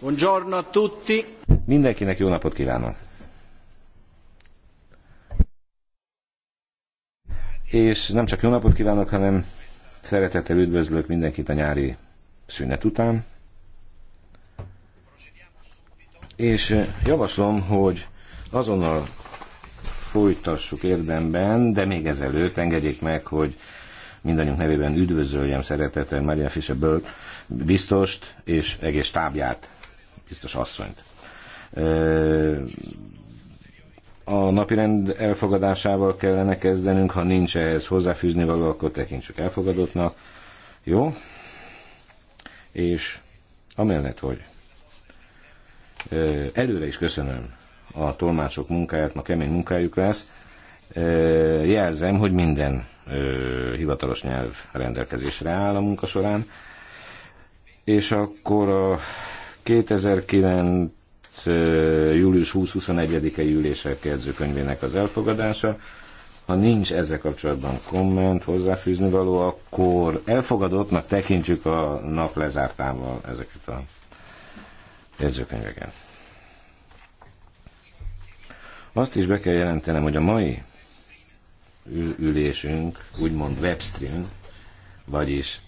Buongiorno tutti. Mindenkinek jó napot kívánok. És nem csak jó napot kívánok, hanem szeretettel üdvözlök mindenkit a nyári szünet után. És eh, javaslom, hogy azonnal folytassuk érdemben, de még ezelőtt engedjék meg, hogy mindannyiunk nevében üdvözöljem szeretettel Maria fischer biztost és egész tábját biztos asszonyt. A napirend elfogadásával kellene kezdenünk, ha nincs ehhez hozzáfűzni való, akkor tekintsük elfogadottnak. Jó? És amellett, hogy előre is köszönöm a tolmácsok munkáját, ma kemény munkájuk lesz, jelzem, hogy minden hivatalos nyelv rendelkezésre áll a munka során, és akkor a 2009. július 20 21 i ülések kérdőkönyvének az elfogadása. Ha nincs ezzel kapcsolatban komment, hozzáfűzni való, akkor elfogadottnak tekintjük a nap lezártával ezeket a jegyzőkönyveket. Azt is be kell jelentenem, hogy a mai ülésünk úgymond webstream, vagyis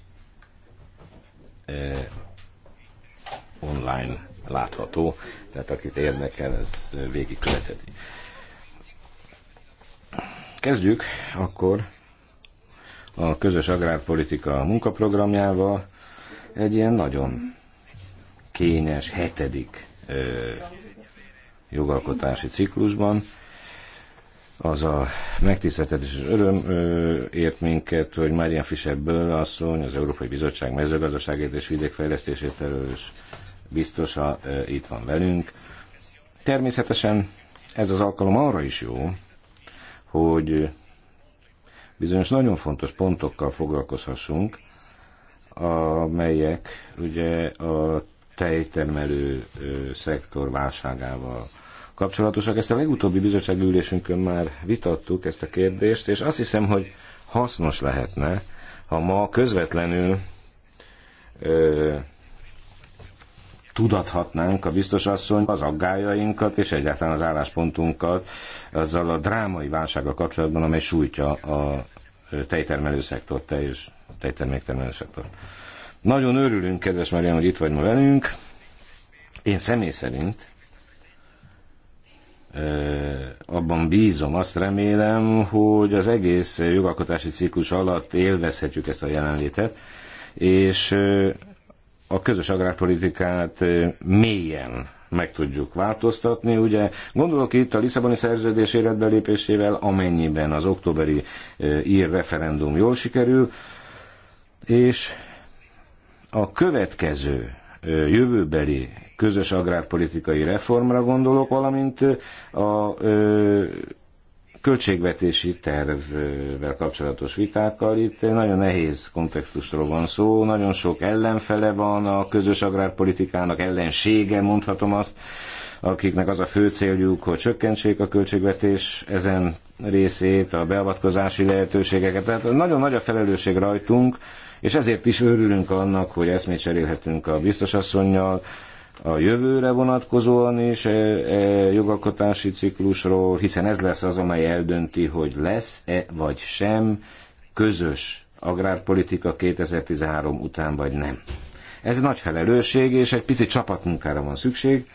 online látható, tehát akit érdekel, ez végigkövetheti. Kezdjük akkor a közös agrárpolitika munkaprogramjával egy ilyen nagyon kényes hetedik ö, jogalkotási ciklusban. Az a megtiszteltetés és öröm ö, ért minket, hogy Marian Fischer-ből asszony, az Európai Bizottság mezőgazdaságért és vidékfejlesztését felelős biztosa itt van velünk. Természetesen ez az alkalom arra is jó, hogy bizonyos nagyon fontos pontokkal foglalkozhassunk, amelyek ugye a tejtermelő szektor válságával kapcsolatosak. Ezt a legutóbbi bizottságülésünkön ülésünkön már vitattuk ezt a kérdést, és azt hiszem, hogy hasznos lehetne, ha ma közvetlenül tudathatnánk a biztos asszony az aggájainkat és egyáltalán az álláspontunkat azzal a drámai válsággal kapcsolatban, amely sújtja a tejtermelő szektort, tej és tejterméktermelő szektort. Nagyon örülünk, kedves Marian, hogy itt vagy ma velünk. Én személy szerint abban bízom, azt remélem, hogy az egész jogalkotási ciklus alatt élvezhetjük ezt a jelenlétet, és a közös agrárpolitikát eh, mélyen meg tudjuk változtatni. Ugye gondolok itt a Lisszaboni szerződés életbe lépésével, amennyiben az októberi eh, ír referendum jól sikerül, és a következő eh, jövőbeli közös agrárpolitikai reformra gondolok, valamint a költségvetési tervvel kapcsolatos vitákkal. Itt nagyon nehéz kontextusról van szó, nagyon sok ellenfele van a közös agrárpolitikának, ellensége mondhatom azt, akiknek az a fő céljuk, hogy csökkentsék a költségvetés ezen részét, a beavatkozási lehetőségeket. Tehát nagyon nagy a felelősség rajtunk, és ezért is örülünk annak, hogy eszmét cserélhetünk a biztosasszonynal, a jövőre vonatkozóan is e, e, jogalkotási ciklusról, hiszen ez lesz az, amely eldönti, hogy lesz-e vagy sem közös agrárpolitika 2013 után vagy nem. Ez nagy felelősség, és egy pici csapatmunkára van szükség,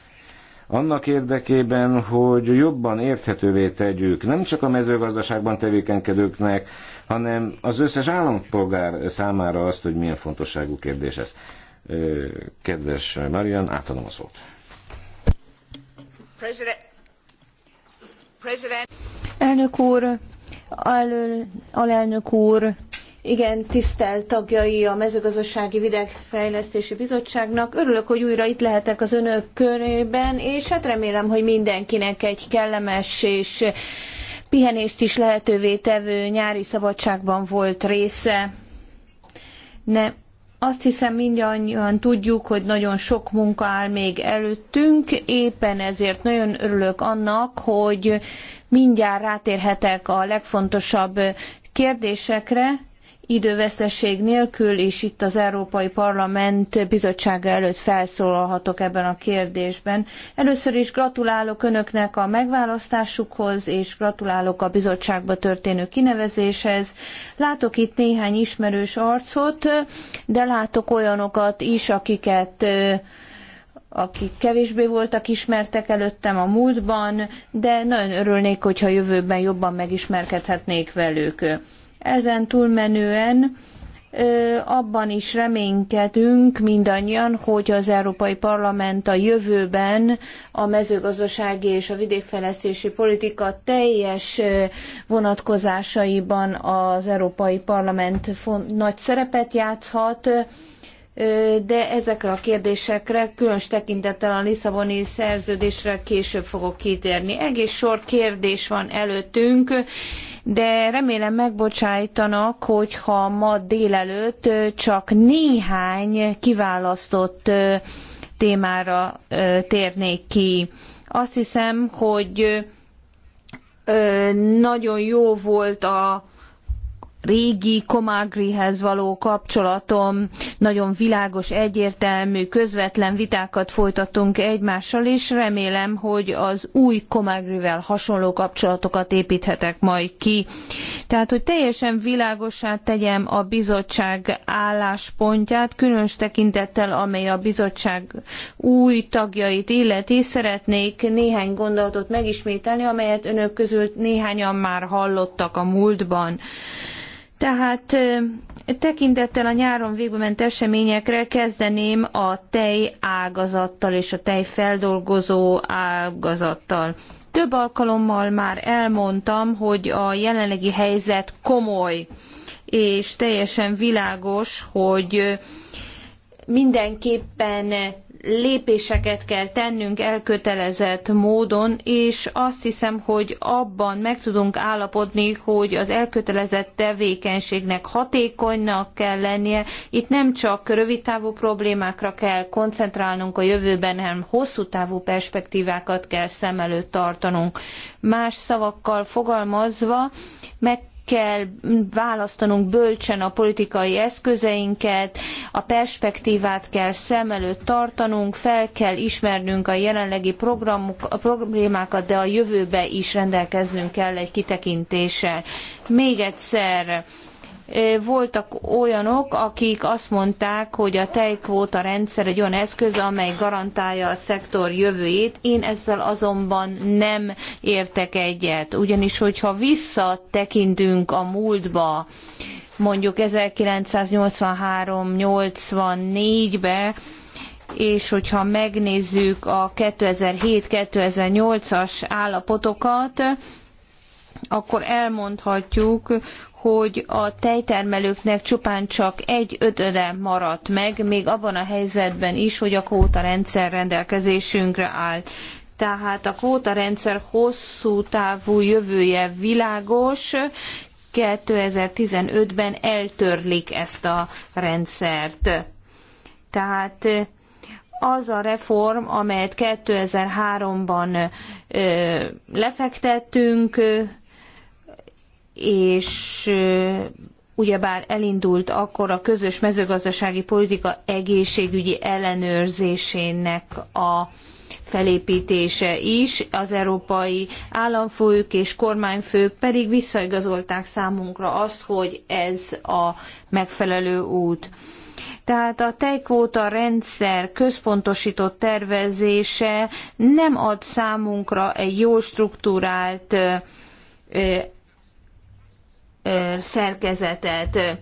annak érdekében, hogy jobban érthetővé tegyük nem csak a mezőgazdaságban tevékenykedőknek, hanem az összes állampolgár számára azt, hogy milyen fontosságú kérdés ez. Kedves Marian, átadom a szót. President. Elnök úr, alelnök úr, igen, tisztelt tagjai a mezőgazdasági vidékfejlesztési bizottságnak. Örülök, hogy újra itt lehetek az önök körében, és hát remélem, hogy mindenkinek egy kellemes és pihenést is lehetővé tevő nyári szabadságban volt része. Nem azt hiszem mindannyian tudjuk, hogy nagyon sok munka áll még előttünk, éppen ezért nagyon örülök annak, hogy mindjárt rátérhetek a legfontosabb kérdésekre, időveszteség nélkül, és itt az Európai Parlament bizottsága előtt felszólalhatok ebben a kérdésben. Először is gratulálok Önöknek a megválasztásukhoz, és gratulálok a bizottságba történő kinevezéshez. Látok itt néhány ismerős arcot, de látok olyanokat is, akiket akik kevésbé voltak ismertek előttem a múltban, de nagyon örülnék, hogyha jövőben jobban megismerkedhetnék velük. Ezen túlmenően abban is reménykedünk mindannyian, hogy az Európai Parlament a jövőben a mezőgazdasági és a vidékfejlesztési politika teljes vonatkozásaiban az Európai Parlament nagy szerepet játszhat, de ezekre a kérdésekre különös tekintettel a Lisszaboni szerződésre később fogok kitérni. Egész sor kérdés van előttünk, de remélem megbocsájtanak, hogyha ma délelőtt csak néhány kiválasztott témára térnék ki. Azt hiszem, hogy nagyon jó volt a régi Komagrihez való kapcsolatom, nagyon világos, egyértelmű, közvetlen vitákat folytatunk egymással, és remélem, hogy az új Komagrivel hasonló kapcsolatokat építhetek majd ki. Tehát, hogy teljesen világosá tegyem a bizottság álláspontját, különös tekintettel, amely a bizottság új tagjait illeti, szeretnék néhány gondolatot megismételni, amelyet önök közül néhányan már hallottak a múltban. Tehát tekintettel a nyáron végbement eseményekre kezdeném a tej ágazattal és a tejfeldolgozó ágazattal. Több alkalommal már elmondtam, hogy a jelenlegi helyzet komoly, és teljesen világos, hogy mindenképpen lépéseket kell tennünk elkötelezett módon, és azt hiszem, hogy abban meg tudunk állapodni, hogy az elkötelezett tevékenységnek hatékonynak kell lennie. Itt nem csak rövidtávú problémákra kell koncentrálnunk a jövőben, hanem hosszú távú perspektívákat kell szem előtt tartanunk. Más szavakkal fogalmazva, meg kell választanunk bölcsen a politikai eszközeinket, a perspektívát kell szem előtt tartanunk, fel kell ismernünk a jelenlegi programok, a problémákat, de a jövőbe is rendelkeznünk kell egy kitekintéssel. Még egyszer, E, voltak olyanok, akik azt mondták, hogy a tejkvóta rendszer egy olyan eszköz, amely garantálja a szektor jövőjét. Én ezzel azonban nem értek egyet, ugyanis hogyha visszatekintünk a múltba, mondjuk 1983-84-be, és hogyha megnézzük a 2007-2008-as állapotokat, akkor elmondhatjuk, hogy a tejtermelőknek csupán csak egy ötöde maradt meg, még abban a helyzetben is, hogy a kóta rendszer rendelkezésünkre áll. Tehát a kóta rendszer hosszú távú jövője világos, 2015-ben eltörlik ezt a rendszert. Tehát az a reform, amelyet 2003-ban lefektettünk, és ugyebár elindult akkor a közös mezőgazdasági politika egészségügyi ellenőrzésének a felépítése is, az európai államfők és kormányfők pedig visszaigazolták számunkra azt, hogy ez a megfelelő út. Tehát a tejkvóta rendszer központosított tervezése nem ad számunkra egy jó struktúrált szerkezetet,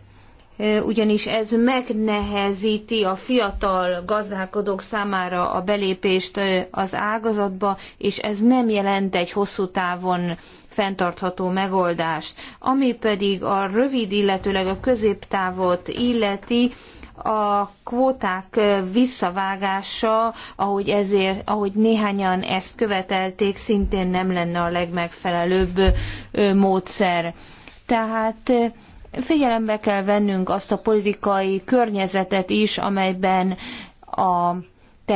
ugyanis ez megnehezíti a fiatal gazdálkodók számára a belépést az ágazatba, és ez nem jelent egy hosszú távon fenntartható megoldást. Ami pedig a rövid, illetőleg a középtávot illeti, a kvóták visszavágása, ahogy, ezért, ahogy néhányan ezt követelték, szintén nem lenne a legmegfelelőbb módszer. Tehát figyelembe kell vennünk azt a politikai környezetet is, amelyben a a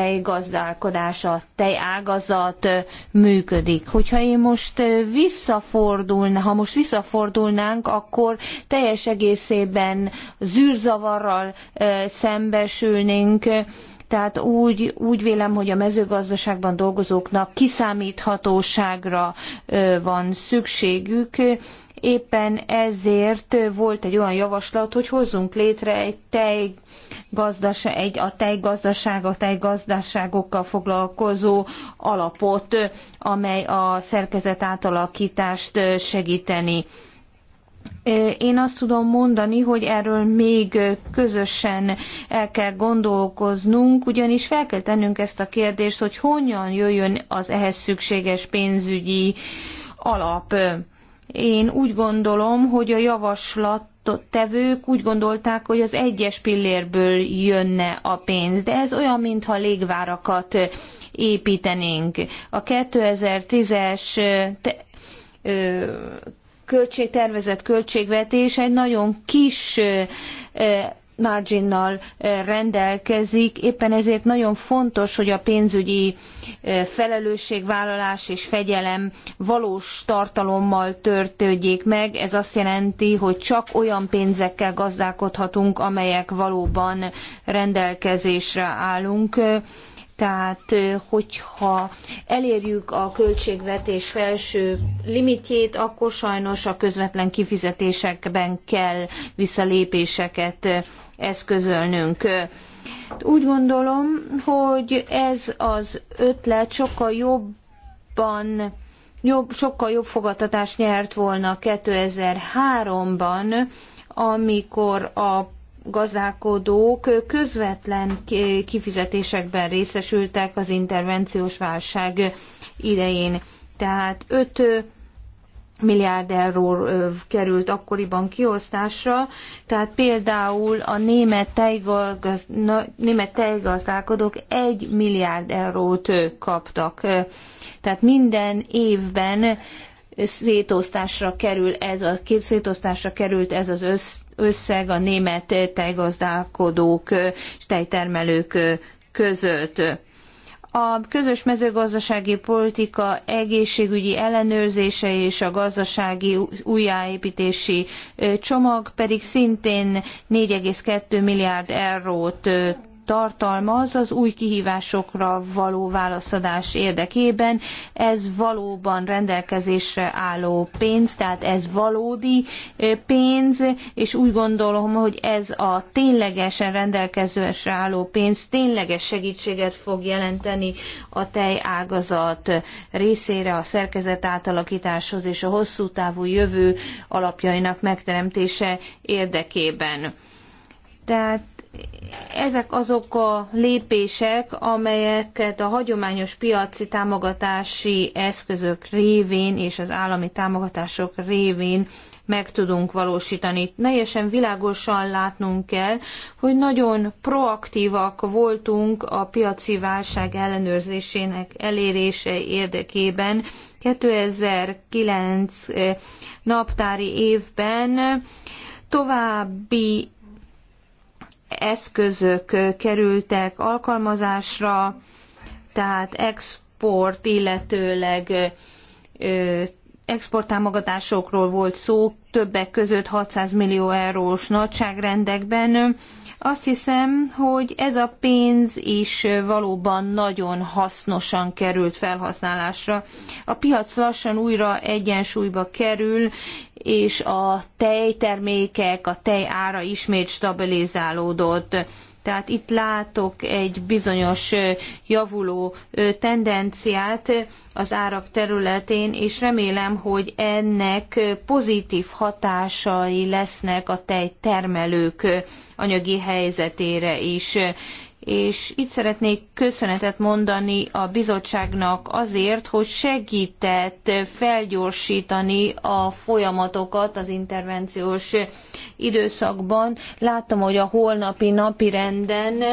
tejágazat működik. Hogyha én most visszafordulna, ha most visszafordulnánk, akkor teljes egészében zűrzavarral szembesülnénk, tehát úgy, úgy vélem, hogy a mezőgazdaságban dolgozóknak kiszámíthatóságra van szükségük, Éppen ezért volt egy olyan javaslat, hogy hozzunk létre egy tej egy a tejgazdaság, a tejgazdaságokkal foglalkozó alapot, amely a szerkezet átalakítást segíteni. Én azt tudom mondani, hogy erről még közösen el kell gondolkoznunk, ugyanis fel kell tennünk ezt a kérdést, hogy honnan jöjjön az ehhez szükséges pénzügyi alap én úgy gondolom, hogy a javaslat tevők úgy gondolták, hogy az egyes pillérből jönne a pénz, de ez olyan, mintha légvárakat építenénk. A 2010-es költségtervezet költségvetés egy nagyon kis marginnal eh, rendelkezik, éppen ezért nagyon fontos, hogy a pénzügyi eh, felelősségvállalás és fegyelem valós tartalommal történjék meg. Ez azt jelenti, hogy csak olyan pénzekkel gazdálkodhatunk, amelyek valóban rendelkezésre állunk tehát, hogyha elérjük a költségvetés felső limitjét, akkor sajnos a közvetlen kifizetésekben kell visszalépéseket eszközölnünk. Úgy gondolom, hogy ez az ötlet sokkal jobban jobb, sokkal jobb fogadtatást nyert volna 2003-ban, amikor a gazdálkodók közvetlen kifizetésekben részesültek az intervenciós válság idején. Tehát 5 milliárd euró került akkoriban kiosztásra, tehát például a német, tejgaz, német tejgazdálkodók 1 milliárd eurót kaptak. Tehát minden évben szétosztásra kerül ez a két szétosztásra került ez az összeg a német tejgazdálkodók és tejtermelők között. A közös mezőgazdasági politika egészségügyi ellenőrzése és a gazdasági újjáépítési csomag pedig szintén 4,2 milliárd eurót tartalmaz az új kihívásokra való válaszadás érdekében. Ez valóban rendelkezésre álló pénz, tehát ez valódi pénz, és úgy gondolom, hogy ez a ténylegesen rendelkezésre álló pénz tényleges segítséget fog jelenteni a tejágazat részére a szerkezet átalakításhoz és a hosszú távú jövő alapjainak megteremtése érdekében. Tehát ezek azok a lépések, amelyeket a hagyományos piaci támogatási eszközök révén és az állami támogatások révén meg tudunk valósítani. Teljesen világosan látnunk kell, hogy nagyon proaktívak voltunk a piaci válság ellenőrzésének elérése érdekében. 2009 eh, naptári évben további eszközök kerültek alkalmazásra, tehát export, illetőleg exporttámogatásokról volt szó, többek között 600 millió eurós nagyságrendekben. Azt hiszem, hogy ez a pénz is valóban nagyon hasznosan került felhasználásra. A piac lassan újra egyensúlyba kerül, és a tejtermékek, a tej ára ismét stabilizálódott. Tehát itt látok egy bizonyos javuló tendenciát az árak területén, és remélem, hogy ennek pozitív hatásai lesznek a tejtermelők anyagi helyzetére is és itt szeretnék köszönetet mondani a bizottságnak azért, hogy segített felgyorsítani a folyamatokat az intervenciós időszakban. Látom, hogy a holnapi napirenden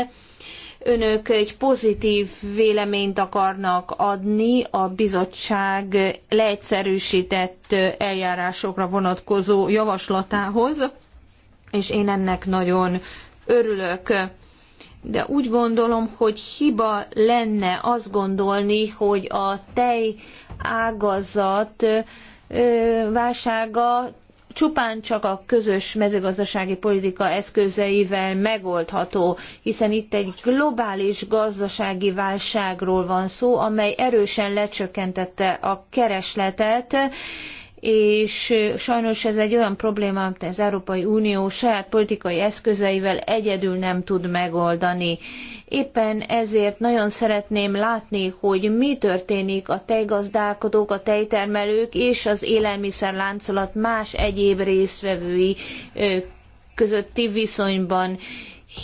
önök egy pozitív véleményt akarnak adni a bizottság leegyszerűsített eljárásokra vonatkozó javaslatához, és én ennek nagyon örülök de úgy gondolom, hogy hiba lenne azt gondolni, hogy a tej ágazat válsága csupán csak a közös mezőgazdasági politika eszközeivel megoldható, hiszen itt egy globális gazdasági válságról van szó, amely erősen lecsökkentette a keresletet, és sajnos ez egy olyan probléma, amit az Európai Unió saját politikai eszközeivel egyedül nem tud megoldani. Éppen ezért nagyon szeretném látni, hogy mi történik a tejgazdálkodók, a tejtermelők és az élelmiszerláncolat más egyéb részvevői közötti viszonyban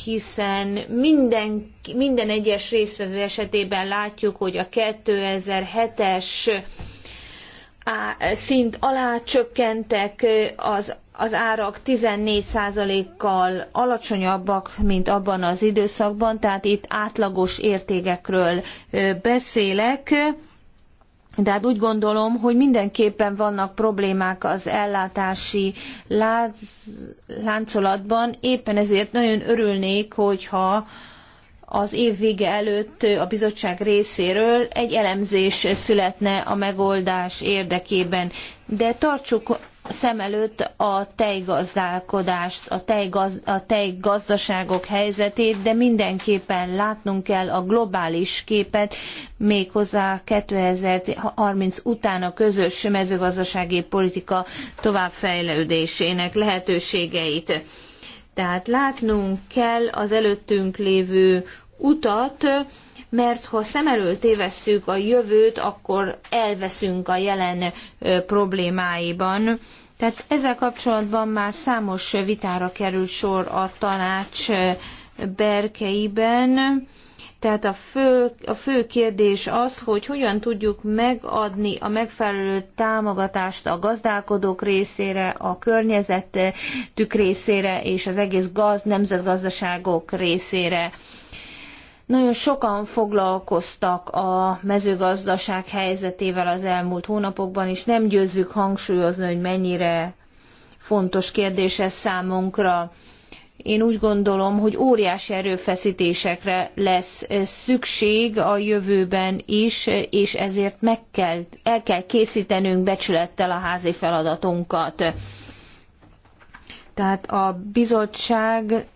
hiszen minden, minden egyes részvevő esetében látjuk, hogy a 2007-es szint alá csökkentek az az árak 14%-kal alacsonyabbak, mint abban az időszakban, tehát itt átlagos értékekről beszélek. De hát úgy gondolom, hogy mindenképpen vannak problémák az ellátási láncolatban, éppen ezért nagyon örülnék, hogyha az év vége előtt a bizottság részéről egy elemzés születne a megoldás érdekében. De tartsuk szem előtt a tejgazdálkodást, a, tejgaz, a tejgazdaságok helyzetét, de mindenképpen látnunk kell a globális képet, méghozzá 2030 után a közös mezőgazdasági politika továbbfejlődésének lehetőségeit. Tehát látnunk kell az előttünk lévő utat, mert ha szem elől tévesszük a jövőt, akkor elveszünk a jelen problémáiban. Tehát ezzel kapcsolatban már számos vitára került sor a tanács berkeiben tehát a fő, a fő kérdés az, hogy hogyan tudjuk megadni a megfelelő támogatást a gazdálkodók részére, a környezetük részére és az egész gaz, nemzetgazdaságok részére. Nagyon sokan foglalkoztak a mezőgazdaság helyzetével az elmúlt hónapokban, és nem győzzük hangsúlyozni, hogy mennyire fontos kérdés ez számunkra. Én úgy gondolom, hogy óriási erőfeszítésekre lesz eh, szükség a jövőben is, eh, és ezért meg kell, el kell készítenünk becsülettel a házi feladatunkat. Tehát a bizottság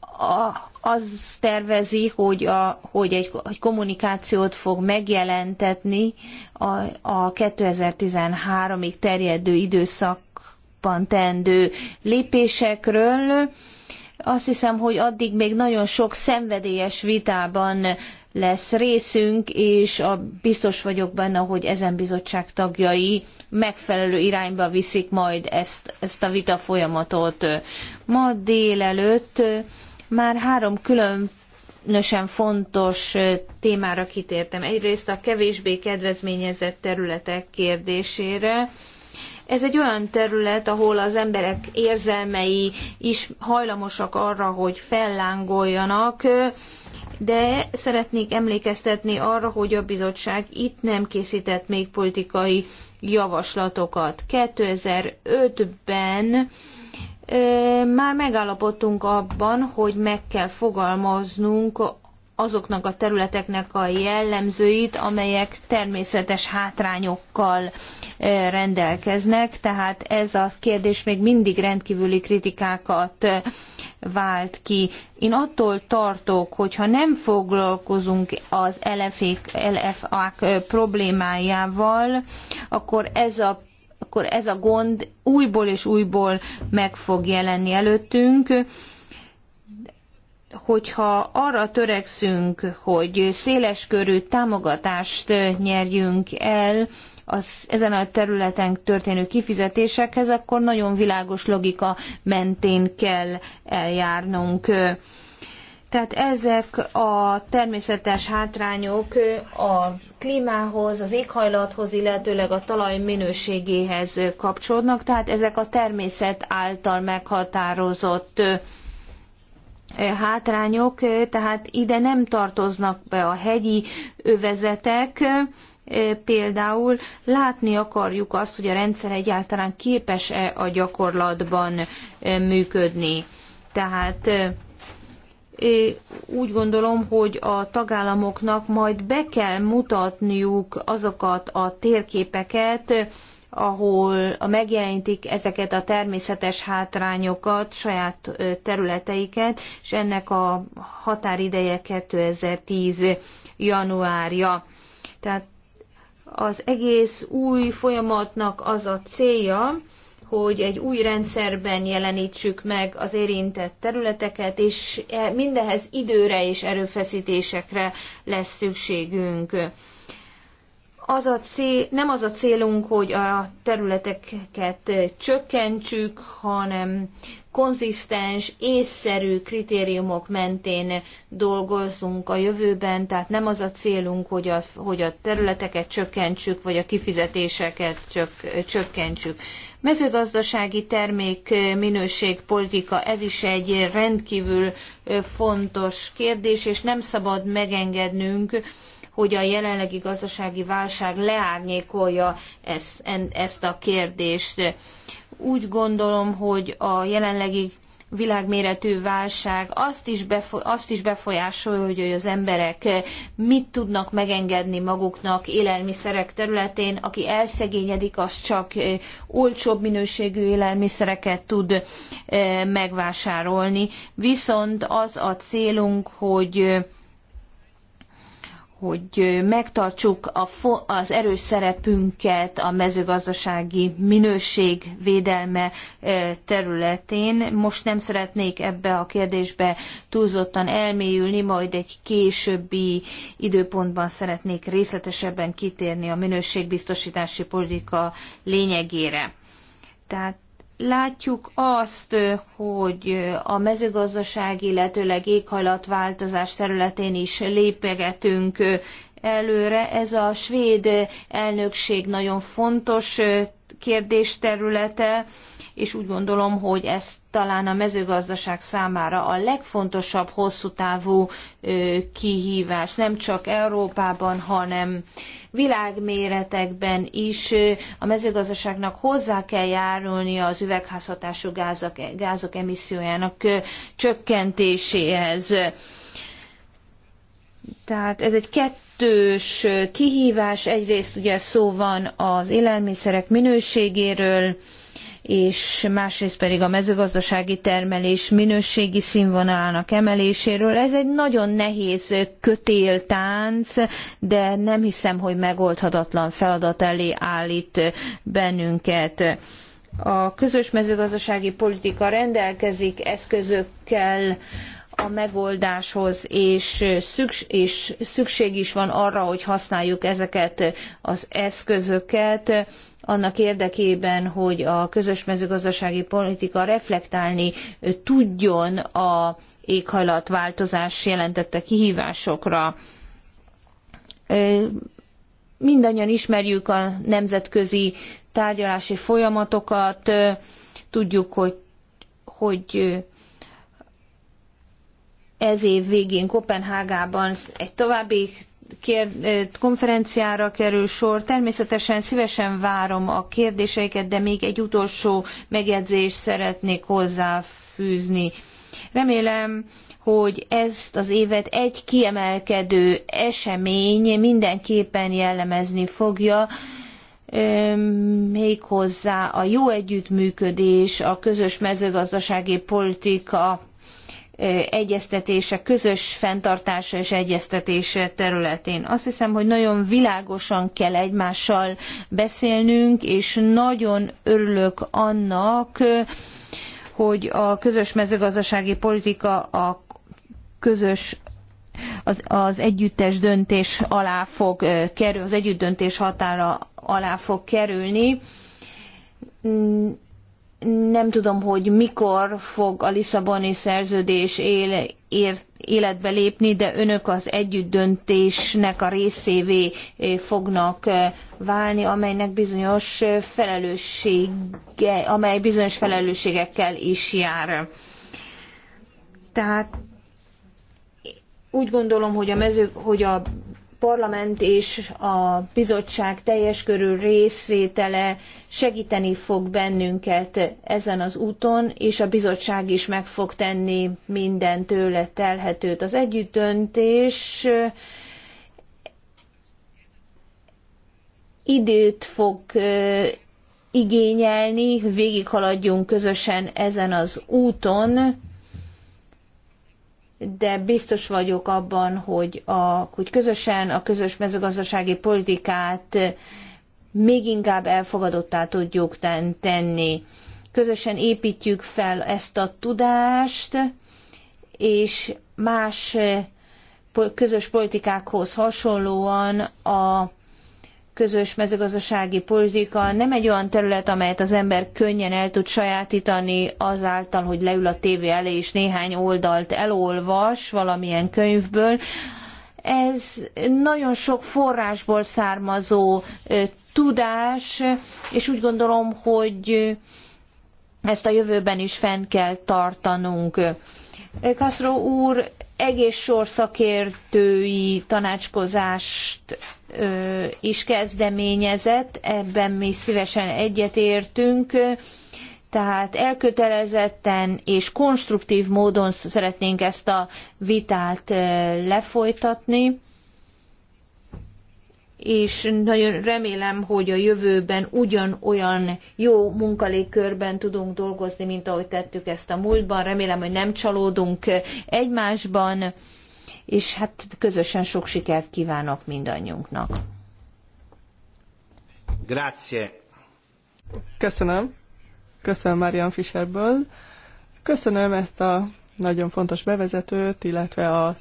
a, az tervezi, hogy, a, hogy egy, egy kommunikációt fog megjelentetni a, a 2013-ig terjedő időszak mindenképpen tendő lépésekről. Azt hiszem, hogy addig még nagyon sok szenvedélyes vitában lesz részünk, és a, biztos vagyok benne, hogy ezen bizottság tagjai megfelelő irányba viszik majd ezt, ezt a vita folyamatot. Ma délelőtt már három külön különösen fontos témára kitértem. Egyrészt a kevésbé kedvezményezett területek kérdésére, ez egy olyan terület, ahol az emberek érzelmei is hajlamosak arra, hogy fellángoljanak, de szeretnék emlékeztetni arra, hogy a bizottság itt nem készített még politikai javaslatokat. 2005-ben már megállapodtunk abban, hogy meg kell fogalmaznunk azoknak a területeknek a jellemzőit, amelyek természetes hátrányokkal eh, rendelkeznek, tehát ez a kérdés még mindig rendkívüli kritikákat eh, vált ki. Én attól tartok, hogy ha nem foglalkozunk az LFA-k eh, problémájával, akkor ez a akkor ez a gond újból és újból meg fog jelenni előttünk, hogyha arra törekszünk, hogy széleskörű támogatást nyerjünk el az ezen a területen történő kifizetésekhez, akkor nagyon világos logika mentén kell eljárnunk. Tehát ezek a természetes hátrányok a klímához, az éghajlathoz, illetőleg a talaj minőségéhez kapcsolódnak, tehát ezek a természet által meghatározott hátrányok, tehát ide nem tartoznak be a hegyi övezetek, például látni akarjuk azt, hogy a rendszer egyáltalán képes-e a gyakorlatban működni. Tehát úgy gondolom, hogy a tagállamoknak majd be kell mutatniuk azokat a térképeket, ahol a megjelenítik ezeket a természetes hátrányokat, saját területeiket, és ennek a határideje 2010 januárja. Tehát az egész új folyamatnak az a célja, hogy egy új rendszerben jelenítsük meg az érintett területeket, és e, mindehez időre és erőfeszítésekre lesz szükségünk az a cél, nem az a célunk, hogy a területeket csökkentsük, hanem konzisztens, észszerű kritériumok mentén dolgozzunk a jövőben, tehát nem az a célunk, hogy a, hogy a területeket csökkentsük, vagy a kifizetéseket csök, csökkentsük. Mezőgazdasági termék minőség politika, ez is egy rendkívül fontos kérdés, és nem szabad megengednünk, hogy a jelenlegi gazdasági válság leárnyékolja ezt, ezt a kérdést. Úgy gondolom, hogy a jelenlegi világméretű válság azt is, befo- azt is befolyásolja, hogy az emberek mit tudnak megengedni maguknak élelmiszerek területén. Aki elszegényedik, az csak olcsóbb minőségű élelmiszereket tud eh, megvásárolni. Viszont az a célunk, hogy hogy megtartsuk a az erős szerepünket a mezőgazdasági minőség védelme területén. Most nem szeretnék ebbe a kérdésbe túlzottan elmélyülni, majd egy későbbi időpontban szeretnék részletesebben kitérni a minőségbiztosítási politika lényegére. Tehát Látjuk azt, hogy a mezőgazdaság, illetőleg éghajlatváltozás területén is lépegetünk előre. Ez a svéd elnökség nagyon fontos kérdésterülete, és úgy gondolom, hogy ezt talán a mezőgazdaság számára a legfontosabb hosszú távú kihívás, nem csak Európában, hanem világméretekben is a mezőgazdaságnak hozzá kell járulnia az üvegházhatású gázok, gázok emissziójának csökkentéséhez. Tehát ez egy kettős kihívás, egyrészt ugye szó van az élelmiszerek minőségéről, és másrészt pedig a mezőgazdasági termelés minőségi színvonalának emeléséről. Ez egy nagyon nehéz kötéltánc, de nem hiszem, hogy megoldhatatlan feladat elé állít bennünket. A közös mezőgazdasági politika rendelkezik eszközökkel, a megoldáshoz, és, szükség, és szükség is van arra, hogy használjuk ezeket az eszközöket, annak érdekében, hogy a közös mezőgazdasági politika reflektálni tudjon a éghajlatváltozás jelentette kihívásokra. Mindannyian ismerjük a nemzetközi tárgyalási folyamatokat, tudjuk, hogy, hogy ez év végén Kopenhágában egy további kér, konferenciára kerül sor. Természetesen szívesen várom a kérdéseiket, de még egy utolsó megjegyzést szeretnék hozzáfűzni. Remélem, hogy ezt az évet egy kiemelkedő esemény mindenképpen jellemezni fogja, méghozzá a jó együttműködés, a közös mezőgazdasági politika egyeztetése, közös fenntartása és egyeztetése területén. Azt hiszem, hogy nagyon világosan kell egymással beszélnünk, és nagyon örülök annak, hogy a közös mezőgazdasági politika a közös az, az együttes döntés alá fog kerül, az együttdöntés határa alá fog kerülni nem tudom, hogy mikor fog a Lisszaboni szerződés él, ér, életbe lépni, de önök az együttdöntésnek a részévé eh, fognak eh, válni, amelynek bizonyos eh, felelőssége, amely bizonyos felelősségekkel is jár. Tehát úgy gondolom, hogy a, mező, hogy a parlament és a bizottság teljes körű részvétele segíteni fog bennünket ezen az úton, és a bizottság is meg fog tenni minden tőle telhetőt. Az együttöntés időt fog igényelni, végighaladjunk közösen ezen az úton, de biztos vagyok abban, hogy, a, hogy közösen a közös mezőgazdasági politikát eh, még inkább elfogadottá tudjuk tenni. Közösen építjük fel ezt a tudást, és más eh, közös politikákhoz hasonlóan a közös mezőgazdasági politika nem egy olyan terület, amelyet az ember könnyen el tud sajátítani azáltal, hogy leül a tévé elé és néhány oldalt elolvas valamilyen könyvből. Ez nagyon sok forrásból származó tudás, és úgy gondolom, hogy ezt a jövőben is fenn kell tartanunk. Castro úr egész sor tanácskozást is kezdeményezett, ebben mi szívesen egyetértünk, tehát elkötelezetten és konstruktív módon szeretnénk ezt a vitát lefolytatni és nagyon remélem, hogy a jövőben ugyanolyan jó munkalégkörben tudunk dolgozni, mint ahogy tettük ezt a múltban. Remélem, hogy nem csalódunk egymásban és hát közösen sok sikert kívánok mindannyiunknak. Grazie. Köszönöm. Köszönöm Marian Fischerből. Köszönöm ezt a nagyon fontos bevezetőt, illetve a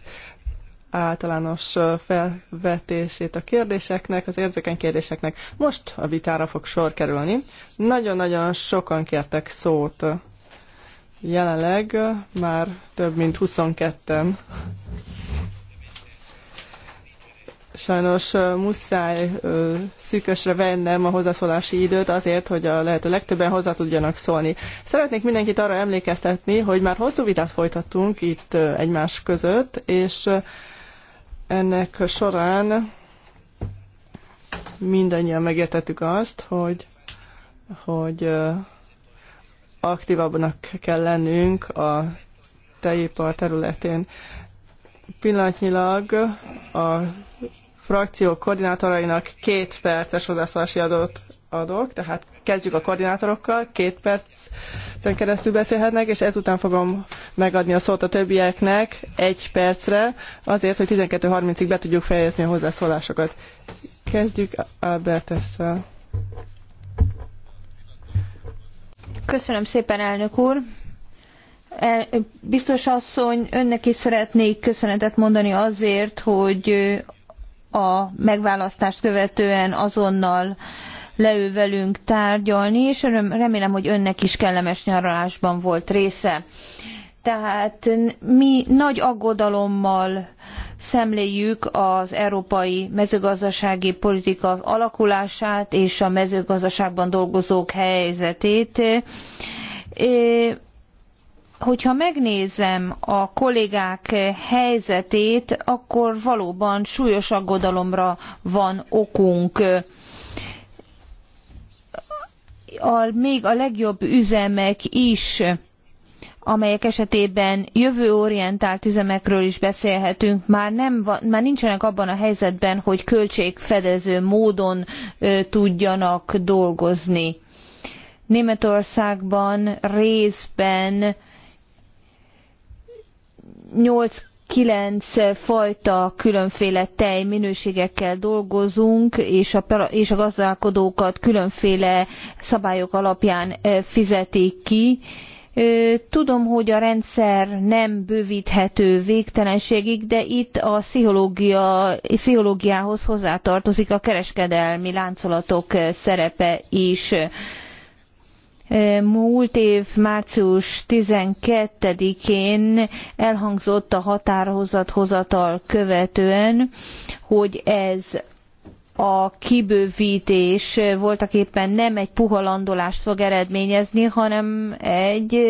általános felvetését a kérdéseknek, az érzékeny kérdéseknek. Most a vitára fog sor kerülni. Nagyon-nagyon sokan kértek szót. Jelenleg már több mint 22-en sajnos muszáj szűkösre vennem a hozzászólási időt azért, hogy a lehető legtöbben hozzá tudjanak szólni. Szeretnék mindenkit arra emlékeztetni, hogy már hosszú vitát folytattunk itt egymás között, és ennek során mindannyian megértettük azt, hogy, hogy aktívabbnak kell lennünk a tejipar területén. Pillanatnyilag a frakció koordinátorainak két perces hozzászólási adót adok, tehát kezdjük a koordinátorokkal, két percen keresztül beszélhetnek, és ezután fogom megadni a szót a többieknek egy percre, azért, hogy 12.30-ig be tudjuk fejezni a hozzászólásokat. Kezdjük Albertesszel. Köszönöm szépen, elnök úr! E, biztos asszony, önnek is szeretnék köszönetet mondani azért, hogy a megválasztást követően azonnal leül velünk tárgyalni, és remélem, hogy önnek is kellemes nyaralásban volt része. Tehát mi nagy aggodalommal szemléljük az európai mezőgazdasági politika alakulását és a mezőgazdaságban dolgozók helyzetét hogyha megnézem a kollégák helyzetét, akkor valóban súlyos aggodalomra van okunk. A, még a legjobb üzemek is amelyek esetében jövőorientált üzemekről is beszélhetünk, már, nem, már nincsenek abban a helyzetben, hogy költségfedező módon ö, tudjanak dolgozni. Németországban részben Nyolc kilenc fajta különféle tej minőségekkel dolgozunk, és a, és a gazdálkodókat különféle szabályok alapján fizetik ki. Tudom, hogy a rendszer nem bővíthető végtelenségig, de itt a pszichológia, pszichológiához hozzátartozik a kereskedelmi láncolatok szerepe is. Múlt év március 12-én elhangzott a határozat hozatal követően, hogy ez a kibővítés voltak éppen nem egy puha landolást fog eredményezni, hanem egy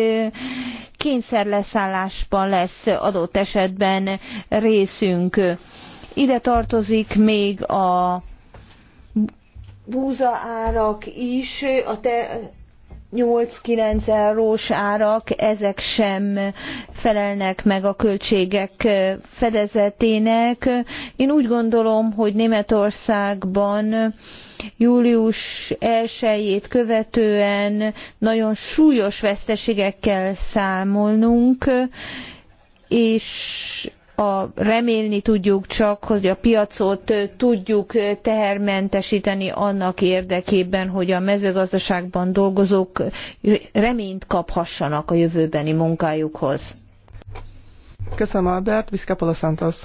kényszerleszállásban lesz adott esetben részünk. Ide tartozik még a búzaárak is, a te, 8-9 eurós árak, ezek sem felelnek meg a költségek fedezetének. Én úgy gondolom, hogy Németországban július 1-ét követően nagyon súlyos veszteségekkel számolnunk, és a, remélni tudjuk csak, hogy a piacot tudjuk tehermentesíteni annak érdekében, hogy a mezőgazdaságban dolgozók reményt kaphassanak a jövőbeni munkájukhoz. Köszönöm, Albert. Viszkápola Santos.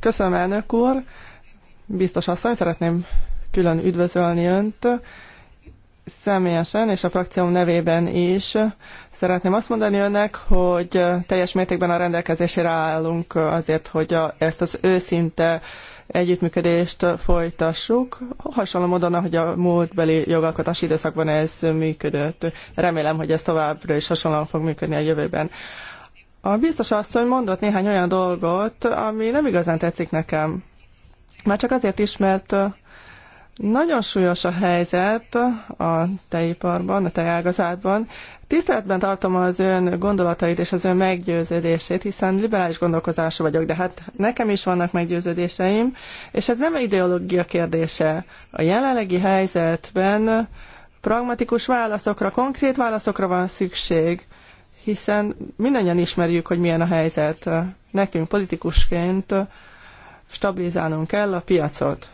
Köszönöm, elnök úr. Biztos asszony, szeretném külön üdvözölni önt személyesen és a frakcióm nevében is Szeretném azt mondani önnek, hogy teljes mértékben a rendelkezésére állunk azért, hogy a, ezt az őszinte együttműködést folytassuk. Hasonló módon, ahogy a múltbeli jogalkotási időszakban ez működött. Remélem, hogy ez továbbra is hasonlóan fog működni a jövőben. A biztos asszony mondott néhány olyan dolgot, ami nem igazán tetszik nekem. Már csak azért is, mert nagyon súlyos a helyzet a tejiparban, a tejágazatban, Tiszteletben tartom az ön gondolatait és az ön meggyőződését, hiszen liberális gondolkozású vagyok, de hát nekem is vannak meggyőződéseim, és ez nem ideológia kérdése. A jelenlegi helyzetben pragmatikus válaszokra, konkrét válaszokra van szükség, hiszen mindannyian ismerjük, hogy milyen a helyzet. Nekünk politikusként stabilizálnunk kell a piacot.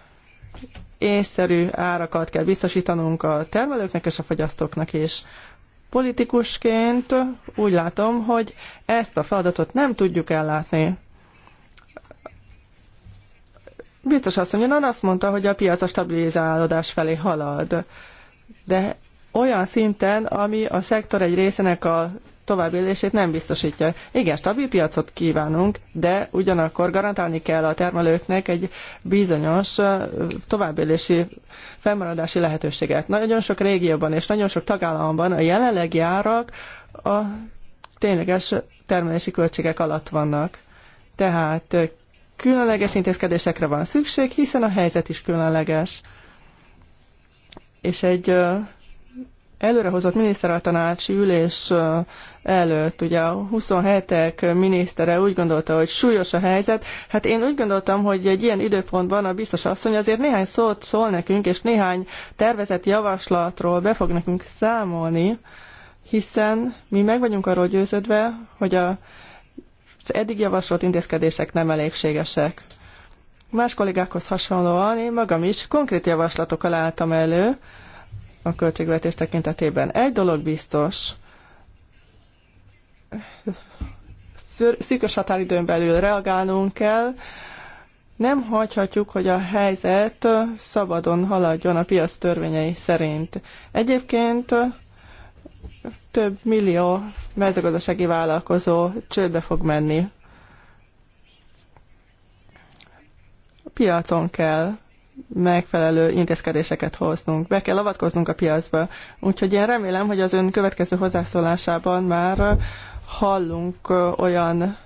Észszerű árakat kell biztosítanunk a termelőknek és a fogyasztóknak is. Politikusként úgy látom, hogy ezt a feladatot nem tudjuk ellátni. Biztos mondja, ön azt mondta, hogy a piac a stabilizálódás felé halad, de olyan szinten, ami a szektor egy részének a továbbélését nem biztosítja. Igen, stabil piacot kívánunk, de ugyanakkor garantálni kell a termelőknek egy bizonyos továbbélési fennmaradási lehetőséget. Nagyon sok régióban és nagyon sok tagállamban a jelenlegi árak a tényleges termelési költségek alatt vannak. Tehát különleges intézkedésekre van szükség, hiszen a helyzet is különleges. És egy előrehozott tanácsi ülés előtt, ugye a 27-ek minisztere úgy gondolta, hogy súlyos a helyzet, hát én úgy gondoltam, hogy egy ilyen időpontban a biztos asszony azért néhány szót szól nekünk, és néhány tervezett javaslatról be fog nekünk számolni, hiszen mi meg vagyunk arról győződve, hogy a, az eddig javasolt intézkedések nem elégségesek. Más kollégákhoz hasonlóan én magam is konkrét javaslatokkal álltam elő, a költségvetés tekintetében. Egy dolog biztos, szűkös határidőn belül reagálnunk kell, nem hagyhatjuk, hogy a helyzet szabadon haladjon a piac törvényei szerint. Egyébként több millió mezőgazdasági vállalkozó csődbe fog menni. A piacon kell megfelelő intézkedéseket hoznunk. Be kell avatkoznunk a piacba. Úgyhogy én remélem, hogy az ön következő hozzászólásában már hallunk olyan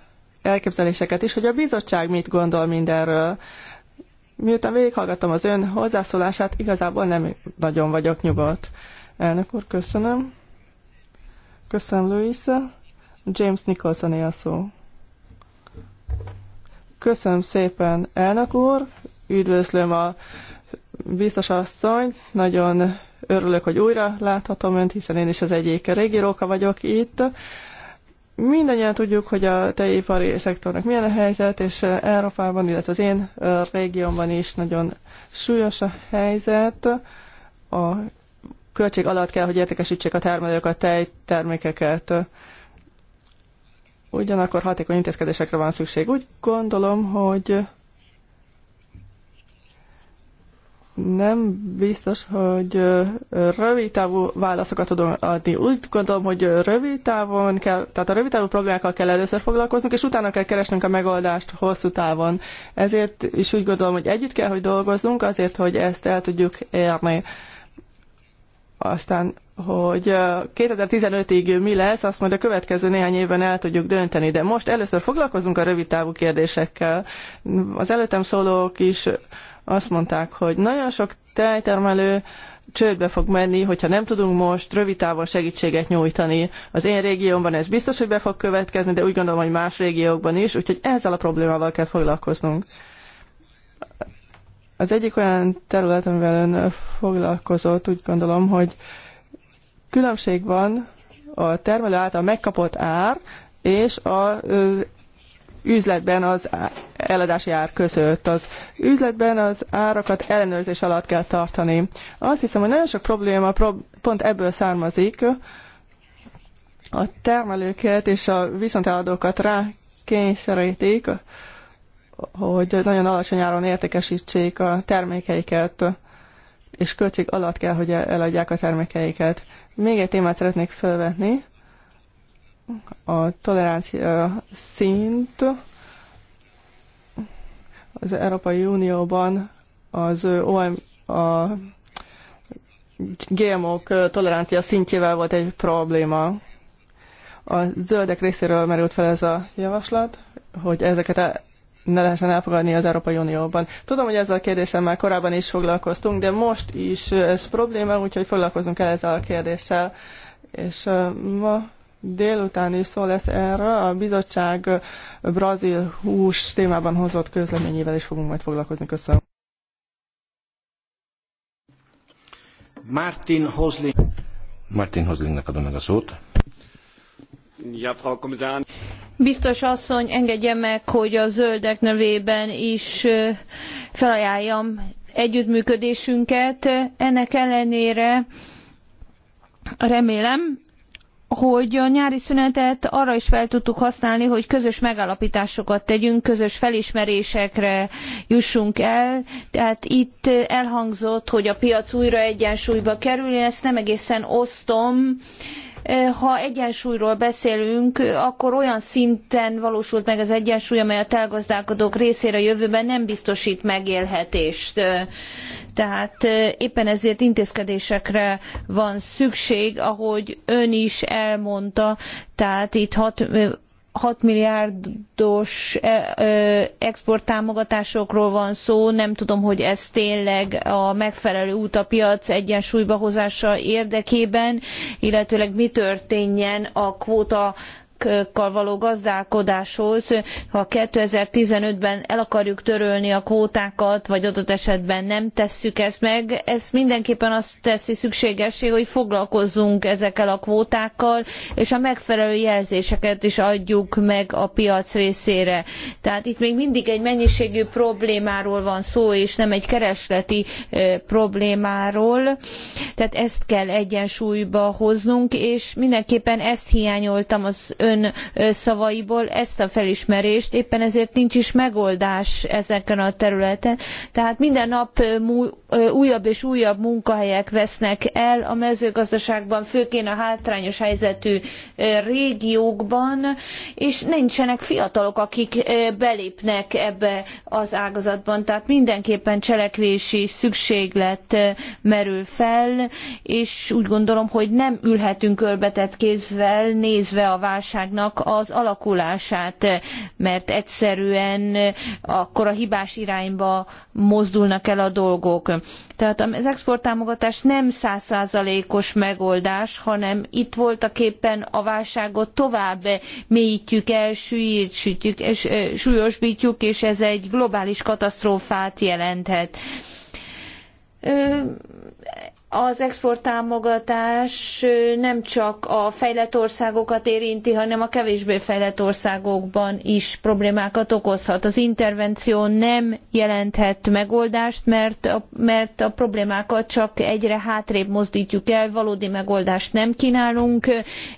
elképzeléseket is, hogy a bizottság mit gondol mindenről. Miután végighallgattam az ön hozzászólását, igazából nem nagyon vagyok nyugodt. Elnök úr, köszönöm. Köszönöm, Luisa. James Nicholson a szó. Köszönöm szépen, elnök úr. Üdvözlöm a biztos asszony, nagyon örülök, hogy újra láthatom önt, hiszen én is az egyik róka vagyok itt. Mindannyian tudjuk, hogy a tejipari szektornak milyen a helyzet, és Európában, illetve az én régiómban is nagyon súlyos a helyzet. A költség alatt kell, hogy értékesítsék a termelők a tejtermékeket. Ugyanakkor hatékony intézkedésekre van szükség. Úgy gondolom, hogy nem biztos, hogy rövid távú válaszokat tudom adni. Úgy gondolom, hogy rövid távon kell, tehát a rövid távú problémákkal kell először foglalkoznunk, és utána kell keresnünk a megoldást hosszú távon. Ezért is úgy gondolom, hogy együtt kell, hogy dolgozzunk, azért, hogy ezt el tudjuk érni. Aztán, hogy 2015-ig mi lesz, azt majd a következő néhány évben el tudjuk dönteni, de most először foglalkozunk a rövid távú kérdésekkel. Az előttem szólók is azt mondták, hogy nagyon sok tejtermelő csődbe fog menni, hogyha nem tudunk most rövid távon segítséget nyújtani. Az én régiómban ez biztos, hogy be fog következni, de úgy gondolom, hogy más régiókban is, úgyhogy ezzel a problémával kell foglalkoznunk. Az egyik olyan terület, amivel ön foglalkozott, úgy gondolom, hogy különbség van a termelő által megkapott ár és a üzletben az eladási ár között. Az üzletben az árakat ellenőrzés alatt kell tartani. Azt hiszem, hogy nagyon sok probléma pont ebből származik. A termelőket és a viszonteladókat rá kényszerítik, hogy nagyon alacsony áron értékesítsék a termékeiket, és költség alatt kell, hogy eladják a termékeiket. Még egy témát szeretnék felvetni a tolerancia szint az Európai Unióban az OM, a GMO-k tolerancia szintjével volt egy probléma. A zöldek részéről merült fel ez a javaslat, hogy ezeket el ne lehessen elfogadni az Európai Unióban. Tudom, hogy ezzel a kérdéssel már korábban is foglalkoztunk, de most is ez probléma, úgyhogy foglalkozunk el ezzel a kérdéssel. És ma délután is szó lesz erről. A bizottság brazil hús témában hozott közleményével is fogunk majd foglalkozni. Köszönöm. Martin Hosling. Martin Hoslingnek adom meg a szót. Ja, Frau Kommissar. Biztos asszony, engedje meg, hogy a zöldek nevében is felajánljam együttműködésünket. Ennek ellenére remélem, hogy a nyári szünetet arra is fel tudtuk használni, hogy közös megállapításokat tegyünk, közös felismerésekre jussunk el. Tehát itt elhangzott, hogy a piac újra egyensúlyba kerül, én ezt nem egészen osztom, ha egyensúlyról beszélünk, akkor olyan szinten valósult meg az egyensúly, amely a telgazdálkodók részére a jövőben nem biztosít megélhetést. Tehát éppen ezért intézkedésekre van szükség, ahogy ön is elmondta, tehát itt hat, 6 milliárdos exporttámogatásokról van szó, nem tudom, hogy ez tényleg a megfelelő út a piac egyensúlyba hozása érdekében, illetőleg mi történjen a kvóta kvótákkal való gazdálkodáshoz, ha 2015-ben el akarjuk törölni a kvótákat, vagy adott esetben nem tesszük ezt meg, ez mindenképpen azt teszi szükségessé, hogy foglalkozzunk ezekkel a kvótákkal, és a megfelelő jelzéseket is adjuk meg a piac részére. Tehát itt még mindig egy mennyiségű problémáról van szó, és nem egy keresleti problémáról. Tehát ezt kell egyensúlyba hoznunk, és mindenképpen ezt hiányoltam az ön szavaiból ezt a felismerést, éppen ezért nincs is megoldás ezeken a területen. Tehát minden nap újabb és újabb munkahelyek vesznek el a mezőgazdaságban, főként a hátrányos helyzetű régiókban, és nincsenek fiatalok, akik belépnek ebbe az ágazatban. Tehát mindenképpen cselekvési szükséglet merül fel, és úgy gondolom, hogy nem ülhetünk körbetett kézvel nézve a válság válságnak az alakulását, mert egyszerűen akkor a hibás irányba mozdulnak el a dolgok. Tehát az exporttámogatás nem százszázalékos megoldás, hanem itt voltak éppen a válságot tovább mélyítjük el, sűjítsítjük, súlyosbítjuk, és ez egy globális katasztrófát jelenthet az exporttámogatás nem csak a fejlett országokat érinti, hanem a kevésbé fejlett országokban is problémákat okozhat. Az intervenció nem jelenthet megoldást, mert a, mert a problémákat csak egyre hátrébb mozdítjuk el, valódi megoldást nem kínálunk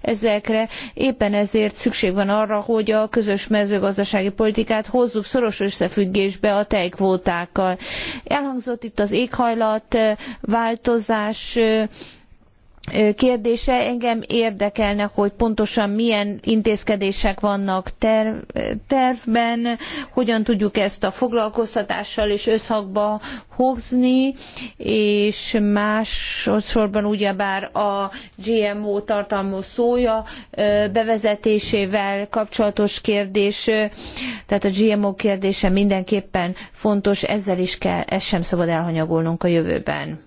ezekre. Éppen ezért szükség van arra, hogy a közös mezőgazdasági politikát hozzuk szoros összefüggésbe a tejkvótákkal. Elhangzott itt az éghajlat változás, oktatás kérdése. Engem érdekelne, hogy pontosan milyen intézkedések vannak tervben, hogyan tudjuk ezt a foglalkoztatással és összhangba hozni, és másodszorban ugyebár a GMO tartalmú szója bevezetésével kapcsolatos kérdés, tehát a GMO kérdése mindenképpen fontos, ezzel is kell, ezt sem szabad elhanyagolnunk a jövőben.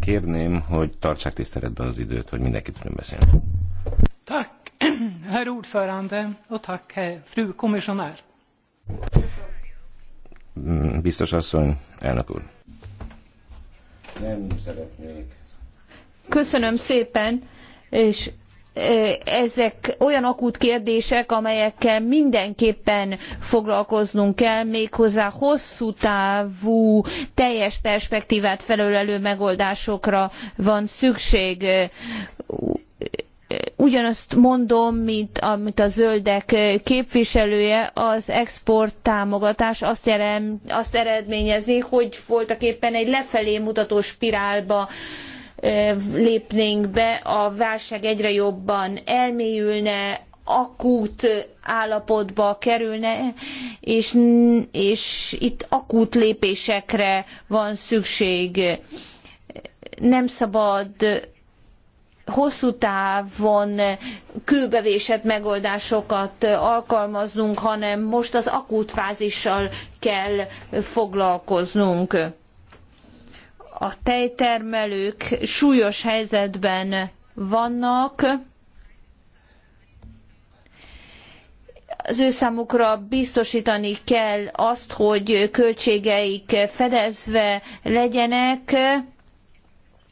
Kérném, hogy tartsák tiszteletben az időt, hogy mindenki tudjon beszélni. Tak, herr ordförande, och tak, herr, fru kommissionär. Mm, biztos asszony, elnök úr. Nem szeretnék. Köszönöm szépen, és ezek olyan akut kérdések, amelyekkel mindenképpen foglalkoznunk kell, méghozzá hosszú távú, teljes perspektívát felölelő megoldásokra van szükség ugyanazt mondom, mint amit a zöldek képviselője, az exporttámogatás azt, azt eredményezi, hogy voltaképpen egy lefelé mutató spirálba lépnénk be, a válság egyre jobban elmélyülne, akút állapotba kerülne, és, és itt akút lépésekre van szükség. Nem szabad hosszú távon kőbevésett megoldásokat alkalmaznunk, hanem most az akut fázissal kell foglalkoznunk a tejtermelők súlyos helyzetben vannak, az ő számukra biztosítani kell azt, hogy költségeik fedezve legyenek,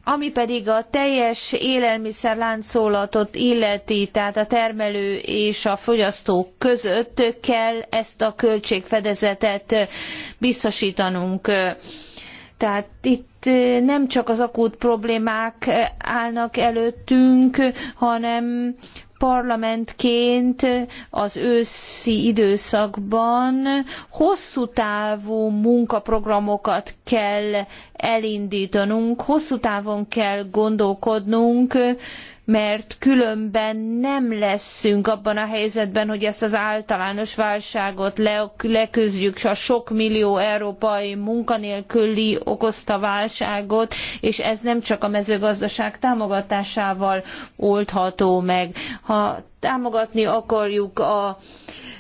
ami pedig a teljes élelmiszerláncolatot illeti, tehát a termelő és a fogyasztó között kell ezt a költségfedezetet biztosítanunk. Tehát itt nem csak az akut problémák állnak előttünk, hanem parlamentként az őszi időszakban hosszú távú munkaprogramokat kell elindítanunk, hosszú távon kell gondolkodnunk, mert különben nem leszünk abban a helyzetben, hogy ezt az általános válságot le, leküzdjük, a sok millió európai munkanélküli okozta válságot, és ez nem csak a mezőgazdaság támogatásával oldható meg. Ha támogatni akarjuk a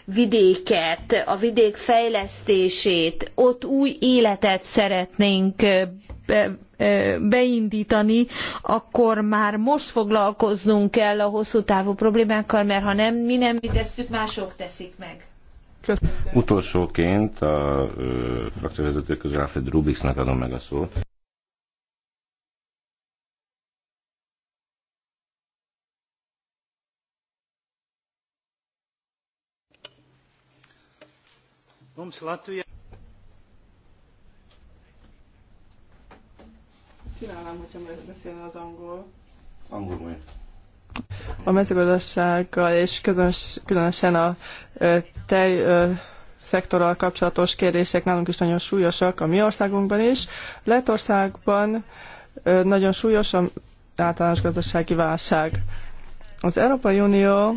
vidéket, a vidék fejlesztését, ott új életet szeretnénk eh, beindítani, akkor már most foglalkoznunk kell a hosszú távú problémákkal, mert ha nem, mi nem mi tesszük, mások teszik meg. Köszönöm. Utolsóként a frakcióvezető közül Alfred Rubiksnak adom meg a szót. Mums Latvijā Csinálnám, hogyha beszélne az angol. Angol majd. A mezőgazdasággal és közös, különösen a tej szektorral kapcsolatos kérdések nálunk is nagyon súlyosak, a mi országunkban is. Lettországban nagyon súlyos a általános gazdasági válság. Az Európai Unió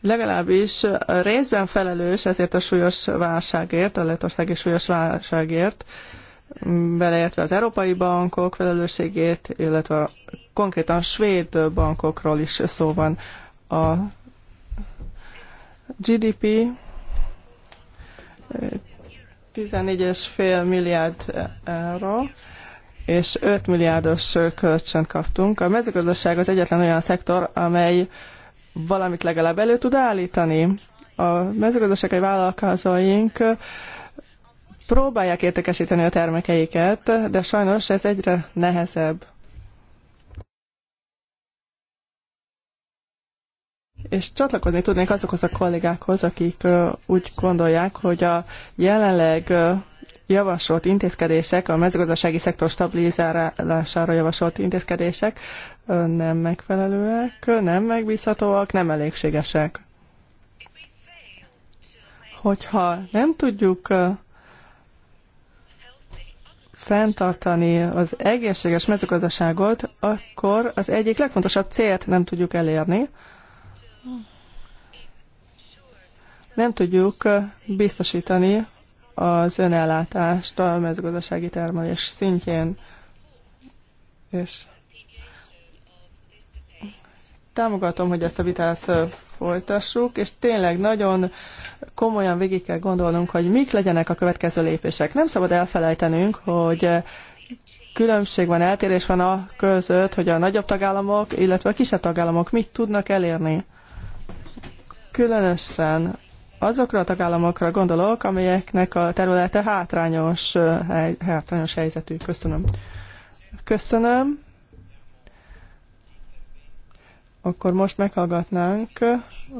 legalábbis részben felelős ezért a súlyos válságért, a lettországi súlyos válságért, beleértve az európai bankok felelősségét, illetve konkrétan a svéd bankokról is szó van. A GDP 14,5 milliárd euró, és 5 milliárdos kölcsönt kaptunk. A mezőgazdaság az egyetlen olyan szektor, amely valamit legalább elő tud állítani. A mezőgazdasági vállalkozóink próbálják értékesíteni a termékeiket, de sajnos ez egyre nehezebb. És csatlakozni tudnék azokhoz a kollégákhoz, akik úgy gondolják, hogy a jelenleg javasolt intézkedések, a mezőgazdasági szektor stabilizálására javasolt intézkedések nem megfelelőek, nem megbízhatóak, nem elégségesek. Hogyha nem tudjuk fenntartani az egészséges mezőgazdaságot, akkor az egyik legfontosabb célt nem tudjuk elérni. Nem tudjuk biztosítani az önellátást a mezőgazdasági termelés szintjén. És támogatom, hogy ezt a vitát folytassuk, és tényleg nagyon komolyan végig kell gondolnunk, hogy mik legyenek a következő lépések. Nem szabad elfelejtenünk, hogy különbség van, eltérés van a között, hogy a nagyobb tagállamok, illetve a kisebb tagállamok mit tudnak elérni. Különösen azokra a tagállamokra gondolok, amelyeknek a területe hátrányos, hátrányos helyzetű. Köszönöm. Köszönöm akkor most meghallgatnánk,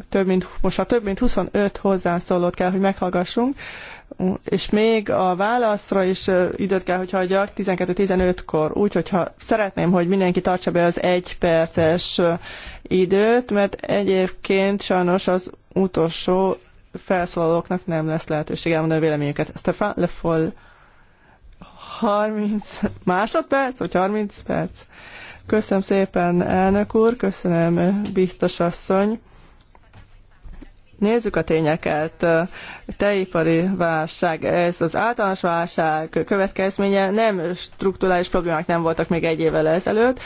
több mint, most a több mint 25 hozzászólót kell, hogy meghallgassunk, és még a válaszra is időt kell, hogy hagyjak 12-15-kor, úgyhogy ha szeretném, hogy mindenki tartsa be az egy perces időt, mert egyébként sajnos az utolsó felszólalóknak nem lesz lehetőség elmondani a véleményüket. Stefan Le Foll, 30 másodperc, vagy 30 perc? Köszönöm szépen, elnök úr, köszönöm, biztos asszony. Nézzük a tényeket. Teipari válság, ez az általános válság következménye, nem strukturális problémák nem voltak még egy évvel ezelőtt.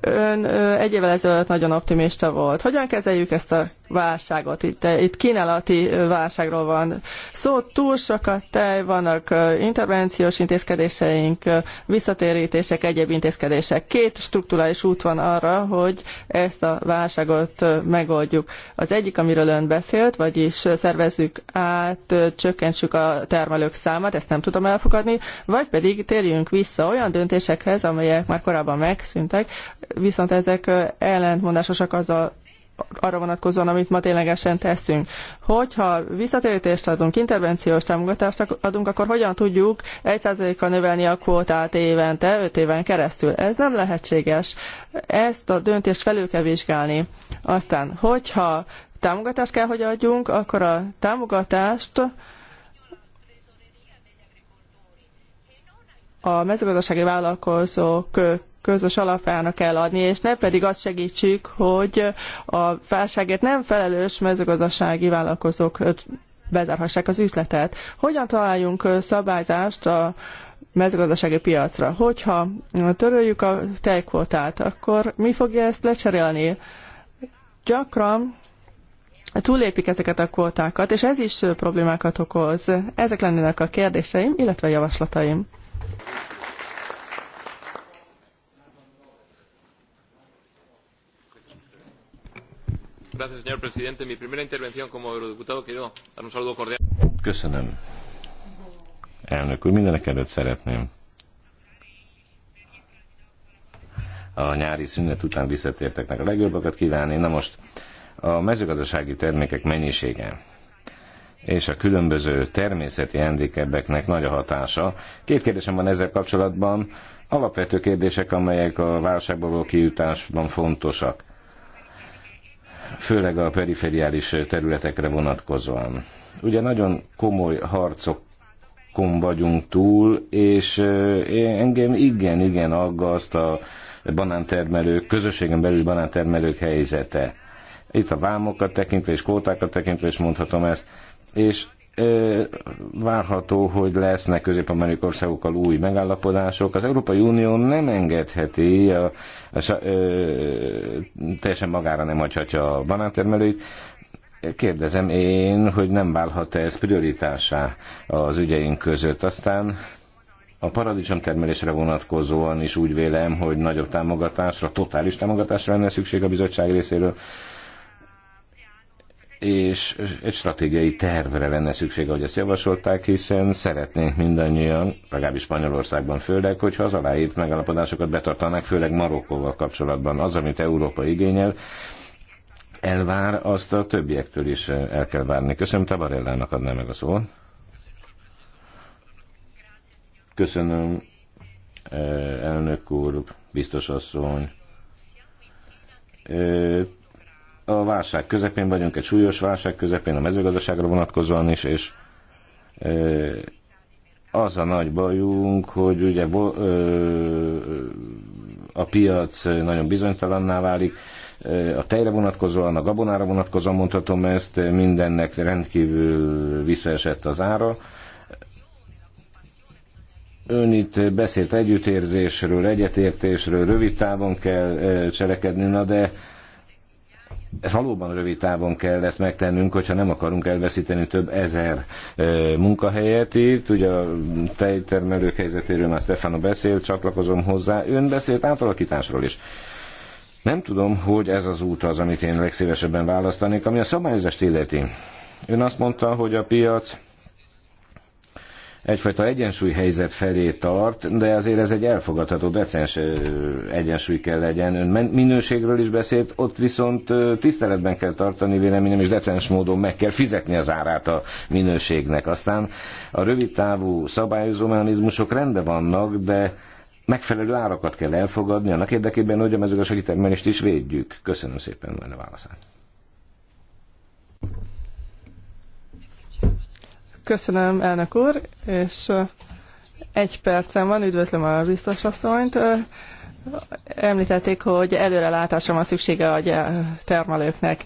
Ön egy évvel ezelőtt nagyon optimista volt. Hogyan kezeljük ezt a válságot? Itt, itt kínálati válságról van szó, túl sok a tej, vannak intervenciós intézkedéseink, visszatérítések, egyéb intézkedések. Két strukturális út van arra, hogy ezt a válságot megoldjuk. Az egyik, amiről ön beszél, termelőt, vagyis szervezzük át, csökkentsük a termelők számát, ezt nem tudom elfogadni, vagy pedig térjünk vissza olyan döntésekhez, amelyek már korábban megszűntek, viszont ezek ellentmondásosak azzal, arra vonatkozóan, amit ma ténylegesen teszünk. Hogyha visszatérítést adunk, intervenciós támogatást adunk, akkor hogyan tudjuk 1%-kal növelni a kvótát évente, 5 éven keresztül? Ez nem lehetséges. Ezt a döntést felül kell vizsgálni. Aztán, hogyha támogatást kell, hogy adjunk, akkor a támogatást a mezőgazdasági vállalkozók közös alapjának kell adni, és ne pedig azt segítsük, hogy a válságért nem felelős mezőgazdasági vállalkozók bezárhassák az üzletet. Hogyan találjunk szabályzást a mezőgazdasági piacra? Hogyha töröljük a tejkvótát, akkor mi fogja ezt lecserélni? Gyakran túllépik ezeket a kvótákat, és ez is problémákat okoz. Ezek lennének a kérdéseim, illetve a javaslataim. Köszönöm. Elnök úr, mindenek előtt szeretném a nyári szünet után visszatértek, a legjobbakat kívánni. Na most a mezőgazdasági termékek mennyisége és a különböző természeti handicapeknek nagy a hatása. Két kérdésem van ezzel kapcsolatban. Alapvető kérdések, amelyek a válságból való kijutásban fontosak, főleg a perifériális területekre vonatkozóan. Ugye nagyon komoly harcok vagyunk túl, és engem igen-igen aggaszt a banántermelők, közösségen belül banántermelők helyzete itt a vámokat tekintve és kótákat tekintve is mondhatom ezt. És várható, hogy lesznek közép-amerikai országokkal új megállapodások. Az Európai Unió nem engedheti, a, a, a, ö, teljesen magára nem hagyhatja a banántermelőit. Kérdezem én, hogy nem válhat -e ez prioritásá az ügyeink között. Aztán a paradicsom termelésre vonatkozóan is úgy vélem, hogy nagyobb támogatásra, totális támogatásra lenne szükség a bizottság részéről és egy stratégiai tervre lenne szükség, ahogy ezt javasolták, hiszen szeretnénk mindannyian, legalábbis Spanyolországban főleg, hogyha az aláírt megalapodásokat betartanák, főleg Marokkóval kapcsolatban. Az, amit Európa igényel, elvár, azt a többiektől is el kell várni. Köszönöm, Tabarellának adná meg a szót. Köszönöm, eh, elnök úr, biztos asszony eh, a válság közepén vagyunk, egy súlyos válság közepén, a mezőgazdaságra vonatkozóan is, és az a nagy bajunk, hogy ugye a piac nagyon bizonytalanná válik, a tejre vonatkozóan, a gabonára vonatkozóan mondhatom ezt, mindennek rendkívül visszaesett az ára. Ön itt beszélt együttérzésről, egyetértésről, rövid távon kell cselekedni, na de valóban rövid távon kell ezt megtennünk, hogyha nem akarunk elveszíteni több ezer munkahelyet itt. Ugye a tejtermelők helyzetéről már Stefano beszélt, csatlakozom hozzá. Ön beszélt átalakításról is. Nem tudom, hogy ez az út az, amit én legszívesebben választanék, ami a szabályozást illeti. Ön azt mondta, hogy a piac egyfajta egyensúly helyzet felé tart, de azért ez egy elfogadható, decens egyensúly kell legyen. Ön minőségről is beszélt, ott viszont tiszteletben kell tartani véleményem, és decens módon meg kell fizetni az árát a minőségnek. Aztán a rövid távú szabályozó mechanizmusok rendben vannak, de megfelelő árakat kell elfogadni annak érdekében, hogy a mezőgazdasági termelést is védjük. Köszönöm szépen a válaszát. Köszönöm, elnök úr, és egy percem van, üdvözlöm a biztos asszonyt. Említették, hogy előrelátásra van szüksége a termelőknek.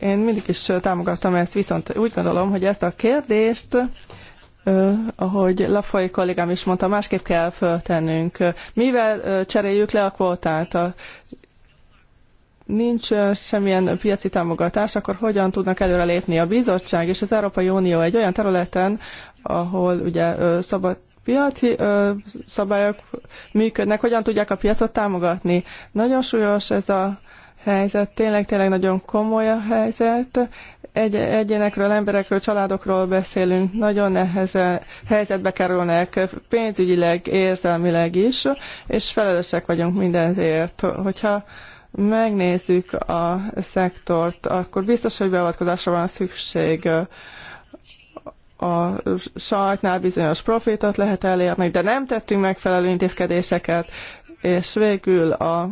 Én mindig is támogattam ezt, viszont úgy gondolom, hogy ezt a kérdést ahogy Lafai kollégám is mondta, másképp kell föltennünk. Mivel cseréljük le a kvótát? A nincs semmilyen piaci támogatás, akkor hogyan tudnak előrelépni a bizottság és az Európai Unió egy olyan területen, ahol ugye szabad piaci ö, szabályok működnek, hogyan tudják a piacot támogatni. Nagyon súlyos ez a helyzet, tényleg, tényleg nagyon komoly a helyzet. Egy, egyénekről, emberekről, családokról beszélünk, nagyon nehezen helyzetbe kerülnek pénzügyileg, érzelmileg is, és felelősek vagyunk mindenért. Hogyha megnézzük a szektort, akkor biztos, hogy beavatkozásra van szükség. A sajtnál bizonyos profitot lehet elérni, de nem tettünk megfelelő intézkedéseket, és végül a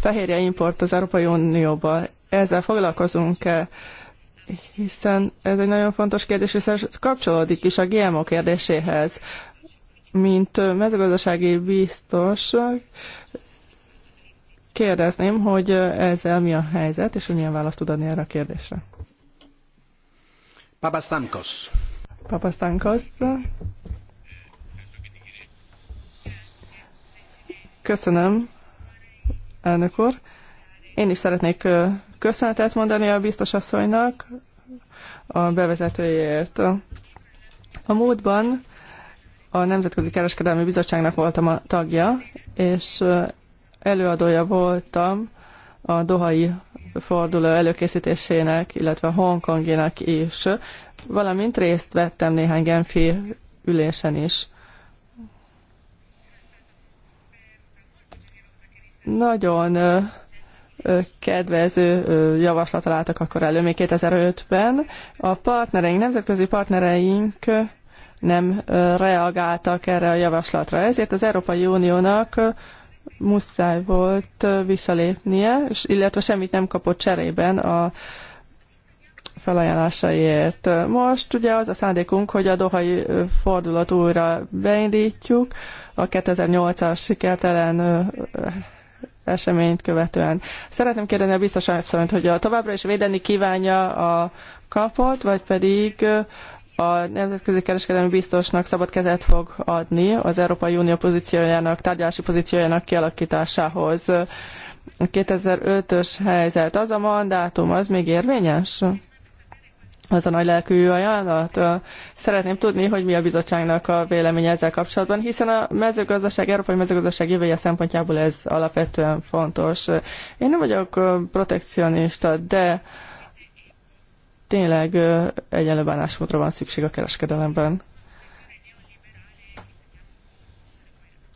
fehérje import az Európai Unióba. Ezzel foglalkozunk-e? Hiszen ez egy nagyon fontos kérdés, és ez kapcsolódik is a GMO kérdéséhez mint mezőgazdasági biztos kérdezném, hogy ezzel mi a helyzet, és hogy milyen választ tud adni erre a kérdésre. Papasztánkos. Papasztánkos. Köszönöm, elnök úr. Én is szeretnék köszönetet mondani a biztos asszonynak a bevezetőjéért. A múltban a Nemzetközi Kereskedelmi Bizottságnak voltam a tagja, és előadója voltam a Dohai forduló előkészítésének, illetve Hongkonginak is, valamint részt vettem néhány Genfi ülésen is. Nagyon kedvező javaslat találtak akkor elő, még 2005-ben. A partnereink, nemzetközi partnereink nem reagáltak erre a javaslatra. Ezért az Európai Uniónak muszáj volt visszalépnie, illetve semmit nem kapott cserében a felajánlásaiért. Most ugye az a szándékunk, hogy a dohai fordulat újra beindítjuk a 2008-as sikertelen eseményt követően. Szeretném kérdeni a biztos asszonyt, hogy a továbbra is védeni kívánja a kapot, vagy pedig a nemzetközi kereskedelmi biztosnak szabad kezet fog adni az Európai Unió pozíciójának, tárgyalási pozíciójának kialakításához. A 2005-ös helyzet, az a mandátum, az még érvényes? az a nagy lelkű ajánlat. Szeretném tudni, hogy mi a bizottságnak a véleménye ezzel kapcsolatban, hiszen a mezőgazdaság, európai mezőgazdaság jövője szempontjából ez alapvetően fontos. Én nem vagyok protekcionista, de tényleg egyenlő bánásmódra van szükség a kereskedelemben.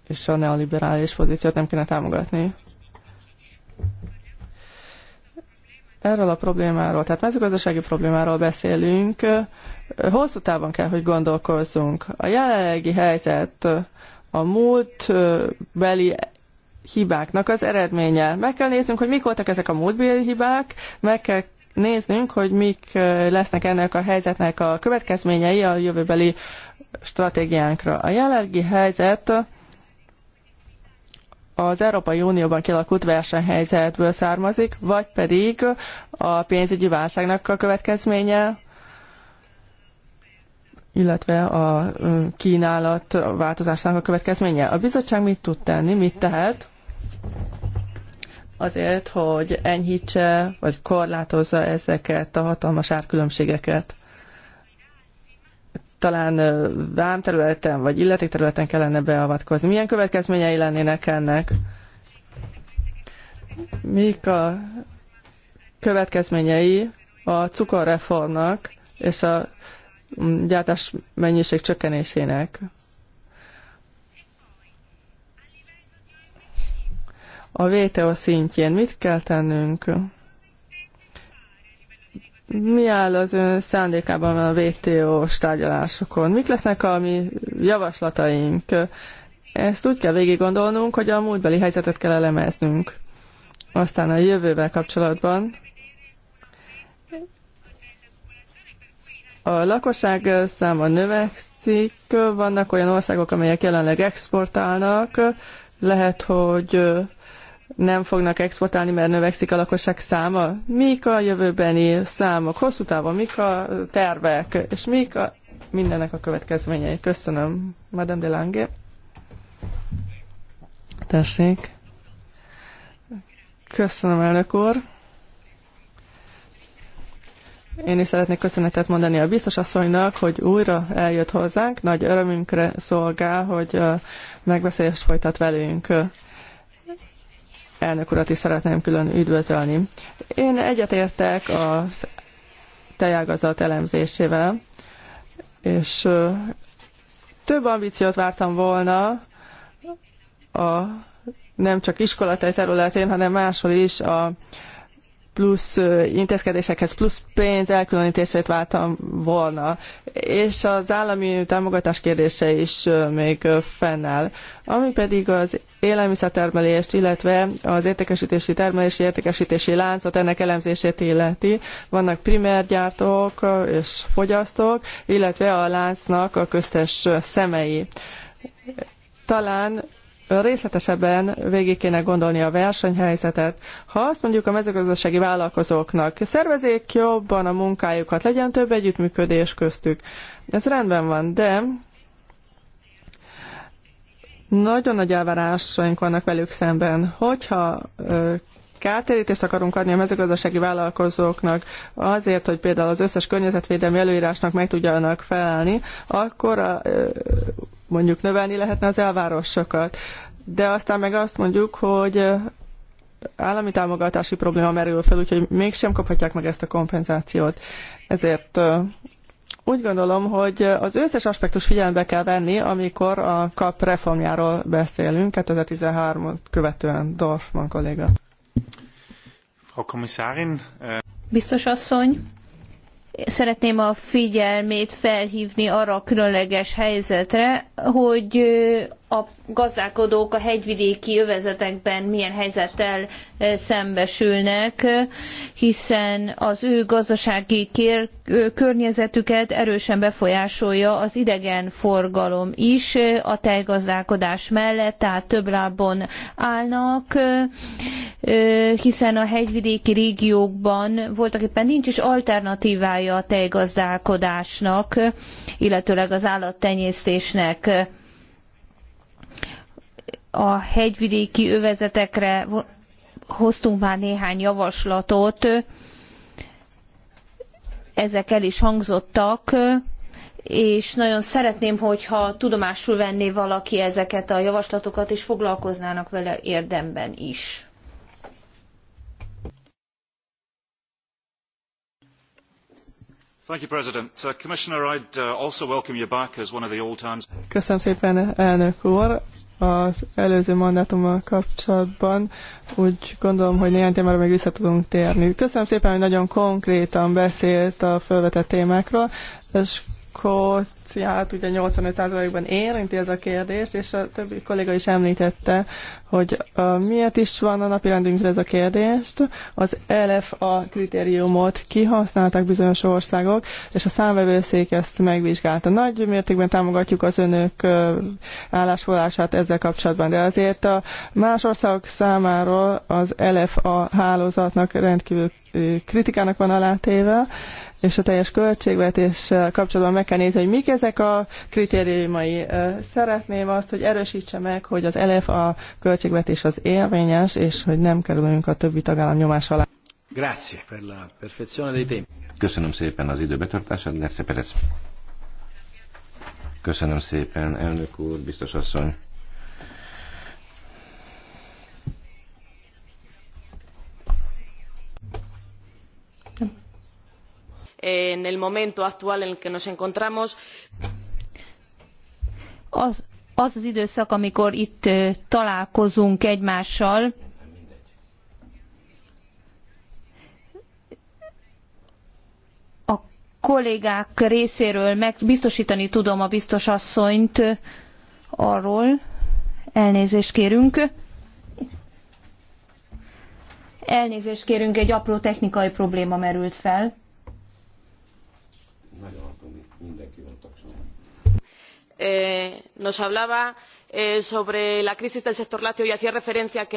És a neoliberális pozíciót nem kéne támogatni. Erről a problémáról, tehát mezőgazdasági problémáról beszélünk, hosszú távon kell, hogy gondolkozzunk. A jelenlegi helyzet a beli hibáknak az eredménye. Meg kell néznünk, hogy mik voltak ezek a múltbéli hibák, meg kell néznünk, hogy mik lesznek ennek a helyzetnek a következményei a jövőbeli stratégiánkra. A jelenlegi helyzet az Európai Unióban kialakult versenyhelyzetből származik, vagy pedig a pénzügyi válságnak a következménye, illetve a kínálat változásának a következménye. A bizottság mit tud tenni, mit tehet? azért, hogy enyhítse vagy korlátozza ezeket a hatalmas árkülönbségeket. Talán vámterületen vagy illetékterületen kellene beavatkozni. Milyen következményei lennének ennek? Mik a következményei a cukorreformnak és a gyártás mennyiség csökkenésének? a VTO szintjén. Mit kell tennünk? Mi áll az ön szándékában a vto tárgyalásokon? Mik lesznek a mi javaslataink? Ezt úgy kell végig gondolnunk, hogy a múltbeli helyzetet kell elemeznünk. Aztán a jövővel kapcsolatban A lakosság száma növekszik, vannak olyan országok, amelyek jelenleg exportálnak, lehet, hogy nem fognak exportálni, mert növekszik a lakosság száma. Mik a jövőbeni számok? Hosszú távon mik a tervek? És mik a mindennek a következményei? Köszönöm, Madame de Lange. Tessék. Köszönöm, elnök úr. Én is szeretnék köszönetet mondani a biztos asszonynak, hogy újra eljött hozzánk. Nagy örömünkre szolgál, hogy megbeszélést folytat velünk elnök urat is szeretném külön üdvözölni. Én egyetértek a tejágazat elemzésével, és több ambíciót vártam volna a nem csak iskolatej területén, hanem máshol is a plusz intézkedésekhez plusz pénz elkülönítését váltam volna. És az állami támogatás kérdése is még fennáll. Ami pedig az élelmiszertermelést, illetve az értékesítési termelési értékesítési láncot, ennek elemzését illeti. Vannak primérgyártók és fogyasztók, illetve a láncnak a köztes szemei. Talán részletesebben végig kéne gondolni a versenyhelyzetet. Ha azt mondjuk a mezőgazdasági vállalkozóknak, szervezék jobban a munkájukat, legyen több együttműködés köztük. Ez rendben van, de nagyon nagy elvárásaink vannak velük szemben. Hogyha kártérítést akarunk adni a mezőgazdasági vállalkozóknak azért, hogy például az összes környezetvédelmi előírásnak meg tudjanak felelni, akkor a, mondjuk növelni lehetne az elvárásokat. De aztán meg azt mondjuk, hogy állami támogatási probléma merül fel, úgyhogy mégsem kaphatják meg ezt a kompenzációt. Ezért úgy gondolom, hogy az összes aspektus figyelembe kell venni, amikor a KAP reformjáról beszélünk, 2013 követően Dorfman kolléga. Frau Kommissarin. Äh, Biztos asszony, szeretném a figyelmét felhívni arra a különleges helyzetre, hogy a gazdálkodók a hegyvidéki övezetekben milyen helyzettel eh, szembesülnek, hiszen az ő gazdasági kér, eh, környezetüket erősen befolyásolja az idegenforgalom is eh, a tejgazdálkodás mellett, tehát több lábon állnak, hiszen a hegyvidéki régiókban voltak éppen nincs is alternatívája a tejgazdálkodásnak, illetőleg az állattenyésztésnek a hegyvidéki övezetekre hoztunk már néhány javaslatot, ezek el is hangzottak, és nagyon szeretném, hogyha tudomásul venné valaki ezeket a javaslatokat, és foglalkoznának vele érdemben is. Uh, uh, Köszönöm szépen, elnök úr az előző mandátummal kapcsolatban. Úgy gondolom, hogy néhány témára még vissza tudunk térni. Köszönöm szépen, hogy nagyon konkrétan beszélt a felvetett témákról, és Skóciát ugye 85%-ban érinti ez a kérdést, és a többi kolléga is említette, hogy uh, miért is van a rendünkre ez a kérdést. Az LFA kritériumot kihasználták bizonyos országok, és a számvevőszék ezt megvizsgálta. Nagy mértékben támogatjuk az önök uh, állásfoglalását ezzel kapcsolatban, de azért a más országok számáról az LFA hálózatnak rendkívül kritikának van alátéve, és a teljes költségvetés eh, kapcsolatban meg kell nézni, hogy mik ezek a kritériumai. Eh, szeretném azt, hogy erősítse meg, hogy az elef a költségvetés az érvényes, és hogy nem kerülünk a többi tagállam nyomás alá. Grazie per la perfezione dei tempi. Köszönöm szépen az időbetartását, Gerce Perez. Köszönöm szépen, elnök úr, biztos asszony. en el momento actual en el que nos encontramos. Az, az időszak, amikor itt találkozunk egymással, a kollégák részéről meg biztosítani tudom a biztos asszonyt arról, elnézést kérünk, elnézést kérünk, egy apró technikai probléma merült fel. Eh, nos hablaba eh, sobre la crisis del sector lácteo y hacía referencia a que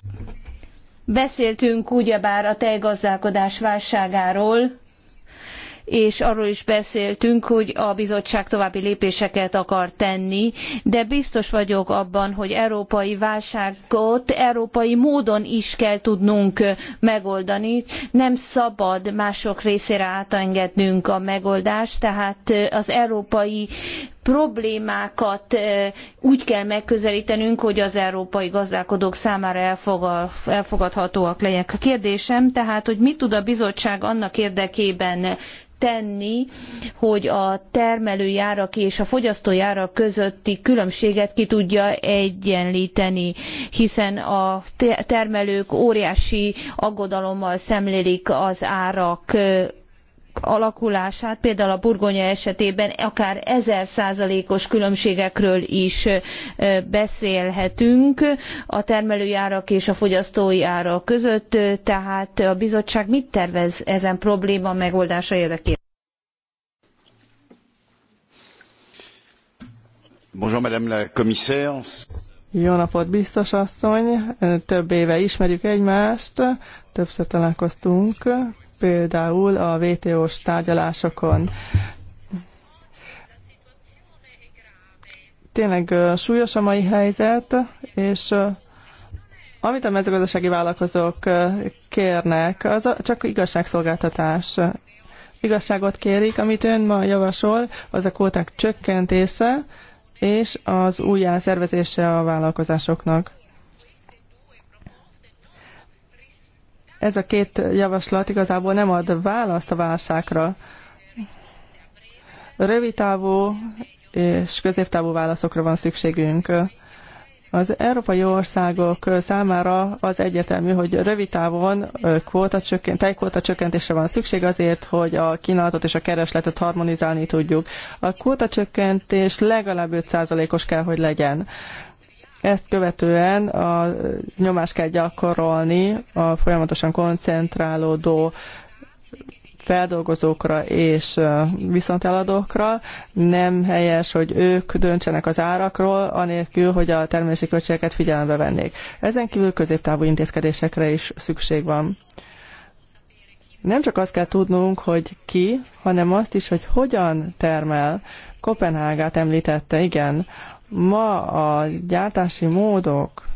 Beszéltünk ugyebár a tejgazdálkodás válságáról, és arról is beszéltünk, hogy a bizottság további lépéseket akar tenni, de biztos vagyok abban, hogy európai válságot európai módon is kell tudnunk megoldani. Nem szabad mások részére átengednünk a megoldást, tehát az európai problémákat úgy kell megközelítenünk, hogy az európai gazdálkodók számára elfogadhatóak legyenek. A kérdésem tehát, hogy mit tud a bizottság annak érdekében tenni, hogy a termelői árak és a fogyasztói árak közötti különbséget ki tudja egyenlíteni, hiszen a termelők óriási aggodalommal szemlélik az árak alakulását, például a burgonya esetében akár ezer százalékos különbségekről is beszélhetünk a termelői árak és a fogyasztói árak között, tehát a bizottság mit tervez ezen probléma megoldása érdekében? Bonjour, Madame la Commissaire. Jó napot, biztos asszony! Több éve ismerjük egymást, többször találkoztunk például a WTO-s tárgyalásokon. Tényleg súlyos a mai helyzet, és amit a mezőgazdasági vállalkozók kérnek, az csak igazságszolgáltatás. Igazságot kérik, amit ön ma javasol, az a kóták csökkentése és az újjászervezése a vállalkozásoknak. Ez a két javaslat igazából nem ad választ a válságra. Rövidtávú és középtávú válaszokra van szükségünk. Az európai országok számára az egyértelmű, hogy rövid távon tejkvóta csökkentésre van szükség azért, hogy a kínálatot és a keresletet harmonizálni tudjuk. A kvóta csökkentés legalább 5%-os kell, hogy legyen. Ezt követően a nyomást kell gyakorolni a folyamatosan koncentrálódó feldolgozókra és viszonteladókra. Nem helyes, hogy ők döntsenek az árakról, anélkül, hogy a termelési költségeket figyelembe vennék. Ezen kívül középtávú intézkedésekre is szükség van. Nem csak azt kell tudnunk, hogy ki, hanem azt is, hogy hogyan termel. Kopenhágát említette, igen. Ma a gyártási módok,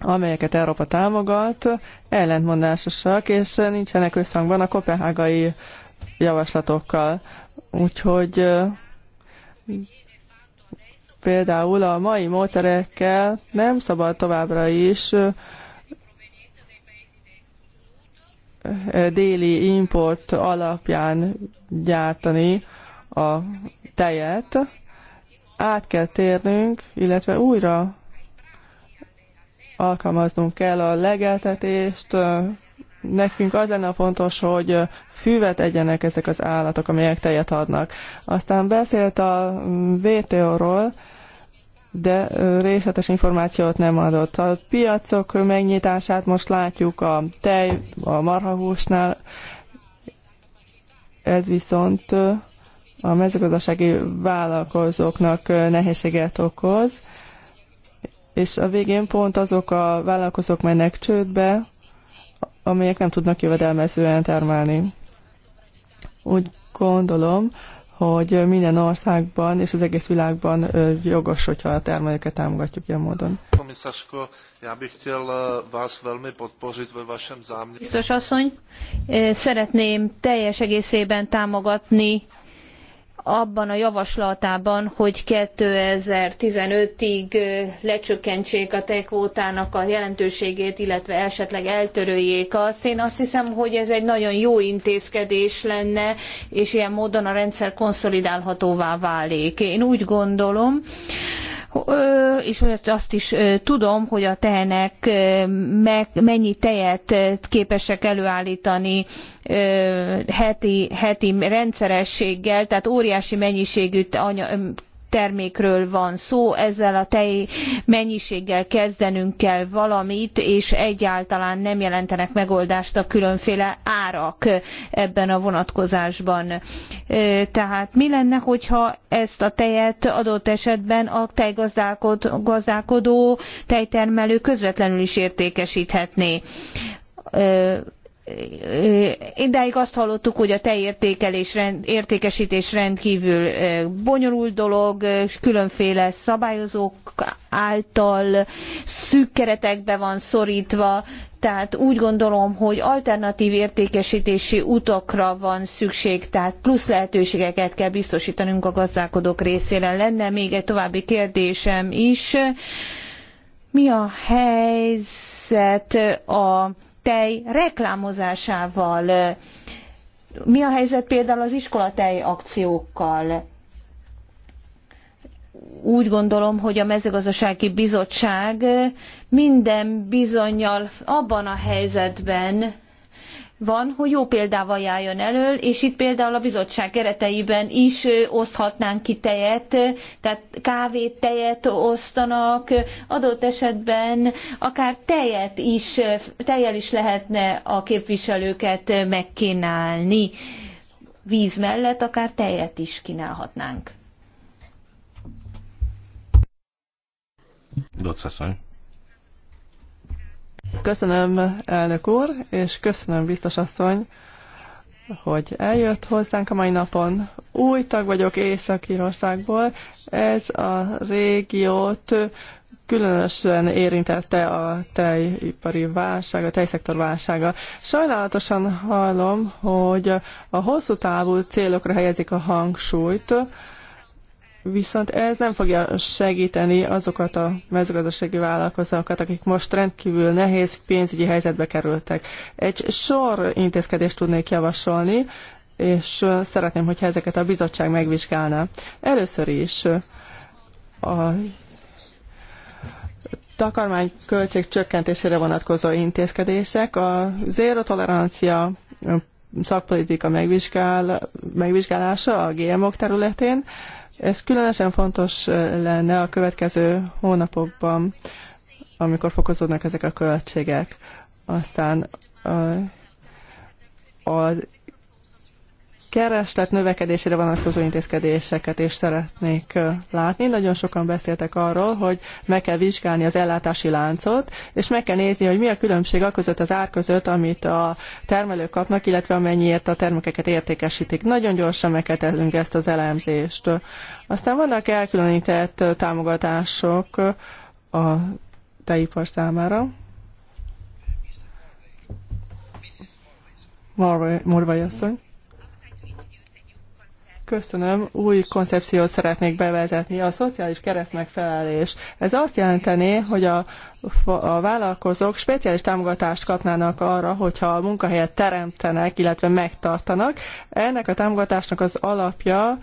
amelyeket Európa támogat, ellentmondásosak, és nincsenek összhangban a kopenhágai javaslatokkal. Úgyhogy például a mai módszerekkel nem szabad továbbra is déli import alapján gyártani a tejet, át kell térnünk, illetve újra alkalmaznunk kell a legeltetést. Nekünk az lenne fontos, hogy fűvet egyenek ezek az állatok, amelyek tejet adnak. Aztán beszélt a vto ról de részletes információt nem adott. A piacok megnyitását most látjuk a tej, a marhahúsnál, ez viszont a mezőgazdasági vállalkozóknak nehézséget okoz, és a végén pont azok a vállalkozók mennek csődbe, amelyek nem tudnak jövedelmezően termelni. Úgy gondolom, hogy minden országban és az egész világban jogos, hogyha a termelőket támogatjuk ilyen módon. Biztos asszony, szeretném teljes egészében támogatni abban a javaslatában, hogy 2015-ig lecsökkentsék a tekvótának a jelentőségét, illetve esetleg eltöröljék azt. Én azt hiszem, hogy ez egy nagyon jó intézkedés lenne, és ilyen módon a rendszer konszolidálhatóvá válik. Én úgy gondolom, hogy és azt is tudom, hogy a tehenek mennyi tejet képesek előállítani heti, heti rendszerességgel, tehát óriási mennyiségű termékről van szó, ezzel a tej mennyiséggel kezdenünk kell valamit, és egyáltalán nem jelentenek megoldást a különféle árak ebben a vonatkozásban. Tehát mi lenne, hogyha ezt a tejet adott esetben a tejgazdálkodó tejtermelő közvetlenül is értékesíthetné? Idáig azt hallottuk, hogy a tejértékelés, rend, értékesítés rendkívül bonyolult dolog, különféle szabályozók által szűk keretekbe van szorítva, tehát úgy gondolom, hogy alternatív értékesítési utakra van szükség, tehát plusz lehetőségeket kell biztosítanunk a gazdálkodók részére. Lenne még egy további kérdésem is. Mi a helyzet a tej reklámozásával? Mi a helyzet például az iskolatej akciókkal? úgy gondolom, hogy a mezőgazdasági bizottság minden bizonyal abban a helyzetben van, hogy jó példával járjon elő, és itt például a bizottság kereteiben is oszthatnánk ki tejet, tehát kávét, tejet osztanak, adott esetben akár tejet is, tejjel is lehetne a képviselőket megkínálni. Víz mellett akár tejet is kínálhatnánk. Doceszony. Köszönöm, elnök úr, és köszönöm, biztos asszony, hogy eljött hozzánk a mai napon. Új tag vagyok Észak-Írországból. Ez a régiót különösen érintette a tejipari válság, a tejszektor válsága. Sajnálatosan hallom, hogy a hosszú távú célokra helyezik a hangsúlyt, Viszont ez nem fogja segíteni azokat a mezőgazdasági vállalkozókat, akik most rendkívül nehéz pénzügyi helyzetbe kerültek. Egy sor intézkedést tudnék javasolni, és szeretném, hogyha ezeket a bizottság megvizsgálná. Először is a takarmány költség csökkentésére vonatkozó intézkedések, a tolerancia szakpolitika megvizsgál, megvizsgálása a GMO-k területén. Ez különösen fontos lenne a következő hónapokban, amikor fokozódnak ezek a költségek. Aztán az kereslet növekedésére vonatkozó intézkedéseket is szeretnék látni. Nagyon sokan beszéltek arról, hogy meg kell vizsgálni az ellátási láncot, és meg kell nézni, hogy mi a különbség a között az ár között, amit a termelők kapnak, illetve amennyiért a termékeket értékesítik. Nagyon gyorsan meg kell tennünk ezt az elemzést. Aztán vannak elkülönített támogatások a tejipar számára. Morvai asszony. Köszönöm. Új koncepciót szeretnék bevezetni, a szociális keresztmegfelelés. Ez azt jelenteni, hogy a, a vállalkozók speciális támogatást kapnának arra, hogyha a munkahelyet teremtenek, illetve megtartanak. Ennek a támogatásnak az alapja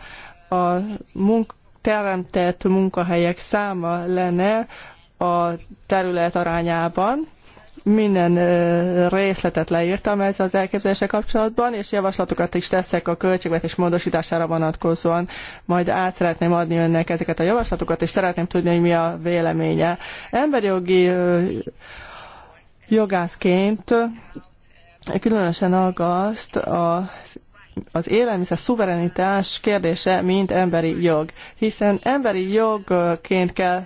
a munk, teremtett munkahelyek száma lenne a terület arányában minden részletet leírtam ez az elképzelése kapcsolatban, és javaslatokat is teszek a költségvetés módosítására vonatkozóan. Majd át szeretném adni önnek ezeket a javaslatokat, és szeretném tudni, hogy mi a véleménye. Emberi jogi jogászként különösen aggaszt a az élelmiszer szuverenitás kérdése, mint emberi jog. Hiszen emberi jogként kell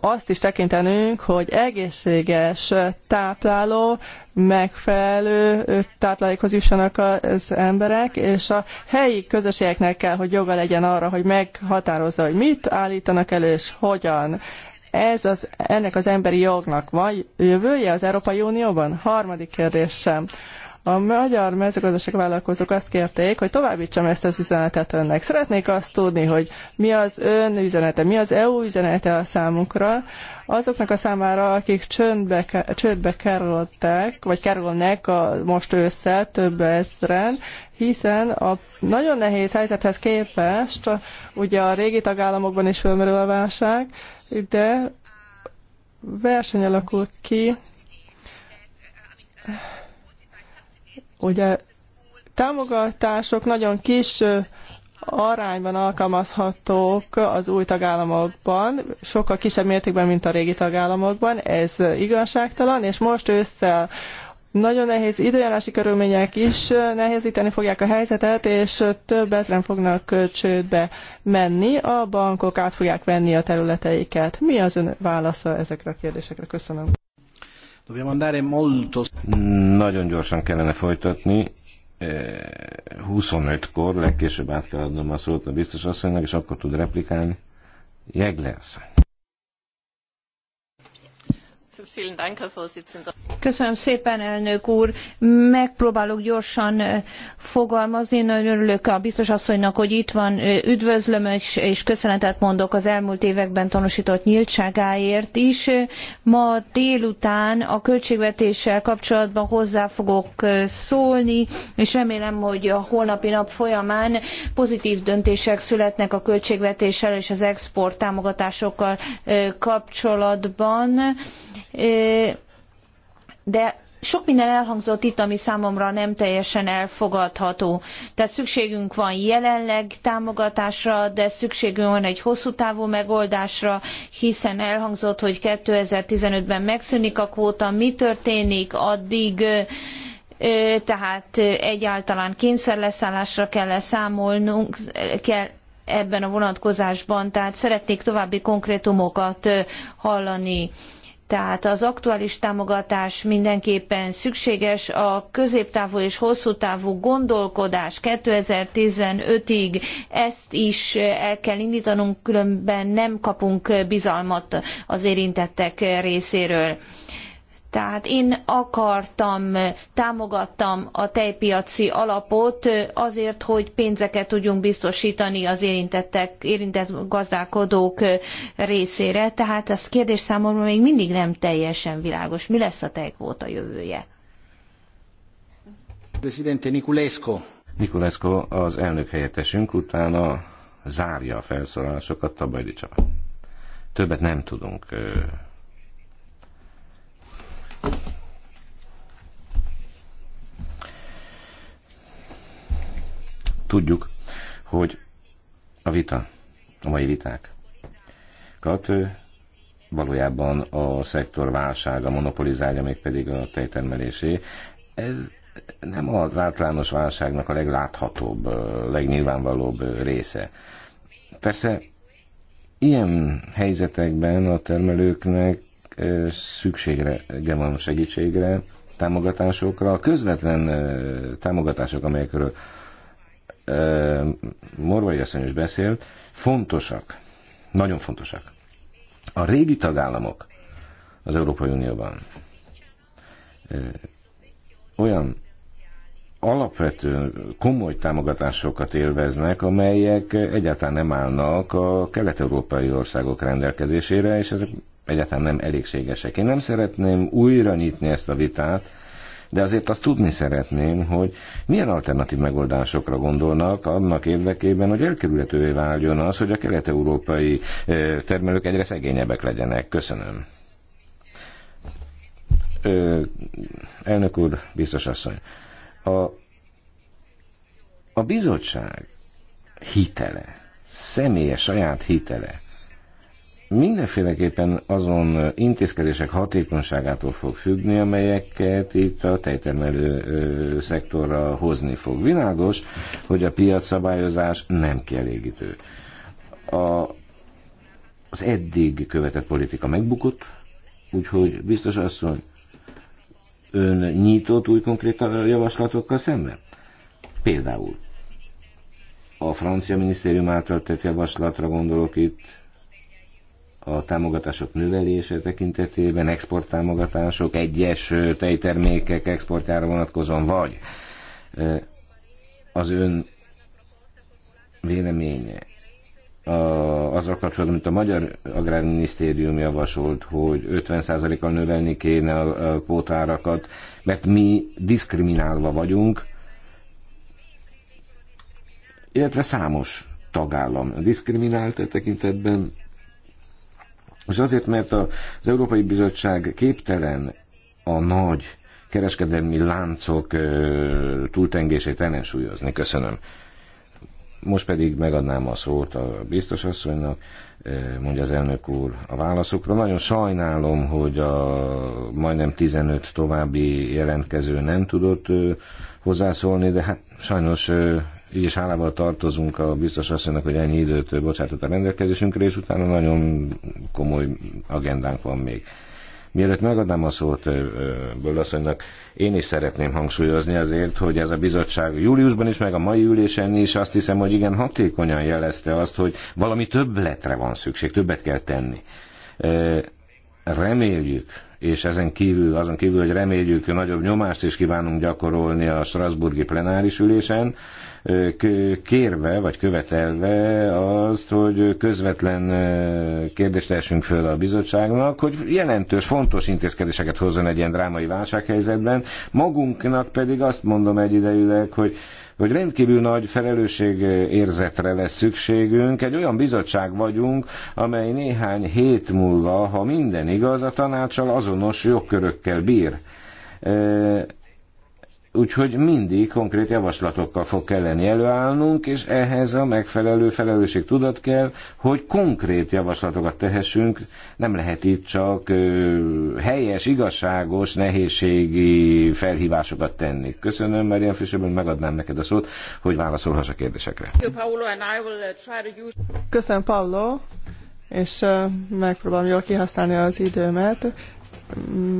azt is tekintenünk, hogy egészséges tápláló, megfelelő táplálékhoz jussanak az emberek, és a helyi közösségeknek kell, hogy joga legyen arra, hogy meghatározza, hogy mit állítanak elő, és hogyan ez az, ennek az emberi jognak van jövője az Európai Unióban? Harmadik kérdésem. A magyar mezőgazdaság vállalkozók azt kérték, hogy továbbítsam ezt az üzenetet önnek. Szeretnék azt tudni, hogy mi az ön üzenete, mi az EU üzenete a számunkra, azoknak a számára, akik csöndbe, csődbe kerültek, vagy kerülnek a most ősszel több ezren, hiszen a nagyon nehéz helyzethez képest, ugye a régi tagállamokban is fölmerül a válság, de verseny alakult ki Ugye támogatások nagyon kis arányban alkalmazhatók az új tagállamokban, sokkal kisebb mértékben, mint a régi tagállamokban. Ez igazságtalan, és most ősszel nagyon nehéz időjárási körülmények is nehézíteni fogják a helyzetet, és több ezren fognak csődbe menni, a bankok át fogják venni a területeiket. Mi az ön válasza ezekre a kérdésekre? Köszönöm. Dobbiamo andare molto... Nagyon gyorsan kellene folytatni. 25-kor e, legkésőbb át kell adnom a szót a biztos asszonynak, és akkor tud replikálni. Jeglensz. Köszönöm szépen, elnök úr. Megpróbálok gyorsan fogalmazni. Nagyon örülök a biztos asszonynak, hogy itt van. Üdvözlöm és, és köszönetet mondok az elmúlt években tanúsított nyíltságáért is. Ma délután a költségvetéssel kapcsolatban hozzá fogok szólni, és remélem, hogy a holnapi nap folyamán pozitív döntések születnek a költségvetéssel és az export támogatásokkal kapcsolatban de sok minden elhangzott itt, ami számomra nem teljesen elfogadható. Tehát szükségünk van jelenleg támogatásra, de szükségünk van egy hosszú távú megoldásra, hiszen elhangzott, hogy 2015-ben megszűnik a kvóta, mi történik addig, tehát egyáltalán kényszerleszállásra kell -e számolnunk, kell ebben a vonatkozásban, tehát szeretnék további konkrétumokat hallani tehát az aktuális támogatás mindenképpen szükséges, a középtávú és hosszú távú gondolkodás 2015-ig ezt is el kell indítanunk, különben nem kapunk bizalmat az érintettek részéről. Tehát én akartam, támogattam a tejpiaci alapot azért, hogy pénzeket tudjunk biztosítani az érintettek, érintett gazdálkodók részére. Tehát ez kérdés számomra még mindig nem teljesen világos. Mi lesz a tejkvóta jövője? Presidente Niculesco. Niculesco az elnök helyettesünk, utána zárja a felszólalásokat Tabajdi Csaba. Többet nem tudunk Tudjuk, hogy a vita, a mai vitákat valójában a szektor válsága monopolizálja, még pedig a tejtermelésé. Ez nem az általános válságnak a legláthatóbb, legnyilvánvalóbb része. Persze ilyen helyzetekben a termelőknek szükségre van segítségre, támogatásokra, a közvetlen támogatások, amelyekről Morvai asszony is beszél, fontosak, nagyon fontosak. A régi tagállamok az Európai Unióban olyan alapvető komoly támogatásokat élveznek, amelyek egyáltalán nem állnak a kelet-európai országok rendelkezésére, és ezek egyáltalán nem elégségesek. Én nem szeretném újra nyitni ezt a vitát, de azért azt tudni szeretném, hogy milyen alternatív megoldásokra gondolnak annak érdekében, hogy elkerülhetővé váljon az, hogy a kelet-európai termelők egyre szegényebbek legyenek. Köszönöm. Ö, elnök úr, biztos asszony. A, a bizottság hitele, személye saját hitele, mindenféleképpen azon intézkedések hatékonyságától fog függni, amelyeket itt a tejtermelő szektorra hozni fog. Világos, hogy a piacszabályozás nem kielégítő. A, az eddig követett politika megbukott, úgyhogy biztos mondja, ön nyitott új konkrét javaslatokkal szemben? Például a francia minisztérium által tett javaslatra gondolok itt a támogatások növelése tekintetében, exporttámogatások egyes tejtermékek exportjára vonatkozóan, vagy az ön véleménye a, azzal kapcsolatban, amit a Magyar Agrárminisztérium javasolt, hogy 50%-kal növelni kéne a, a kvótárakat, mert mi diszkriminálva vagyunk, illetve számos tagállam diszkriminált e tekintetben, és azért, mert az Európai Bizottság képtelen a nagy kereskedelmi láncok túltengését ellensúlyozni. Köszönöm. Most pedig megadnám a szót a biztos asszonynak, eh, mondja az elnök úr a válaszokra. Nagyon sajnálom, hogy a majdnem 15 további jelentkező nem tudott eh, hozzászólni, de hát sajnos eh, így is hálával tartozunk a biztos asszonynak, hogy ennyi időt bocsátott a rendelkezésünkre, és utána nagyon komoly agendánk van még. Mielőtt megadnám a szót Böllasszonynak, én is szeretném hangsúlyozni azért, hogy ez a bizottság júliusban is, meg a mai ülésen is azt hiszem, hogy igen hatékonyan jelezte azt, hogy valami többletre van szükség, többet kell tenni. Reméljük, és ezen kívül, azon kívül, hogy reméljük, hogy nagyobb nyomást is kívánunk gyakorolni a Strasburgi plenáris ülésen, kérve vagy követelve azt, hogy közvetlen kérdést tessünk föl a bizottságnak, hogy jelentős, fontos intézkedéseket hozzon egy ilyen drámai válsághelyzetben. Magunknak pedig azt mondom egyidejűleg, hogy hogy rendkívül nagy felelősség érzetre lesz szükségünk. Egy olyan bizottság vagyunk, amely néhány hét múlva, ha minden igaz, a tanácsal azonos jogkörökkel bír Úgyhogy mindig konkrét javaslatokkal fog kelleni előállnunk, és ehhez a megfelelő felelősség tudat kell, hogy konkrét javaslatokat tehessünk. Nem lehet itt csak ö, helyes, igazságos, nehézségi felhívásokat tenni. Köszönöm, Marian hogy megadnám neked a szót, hogy válaszolhass a kérdésekre. Uh, Köszönöm, Paolo, és megpróbálom jól kihasználni az időmet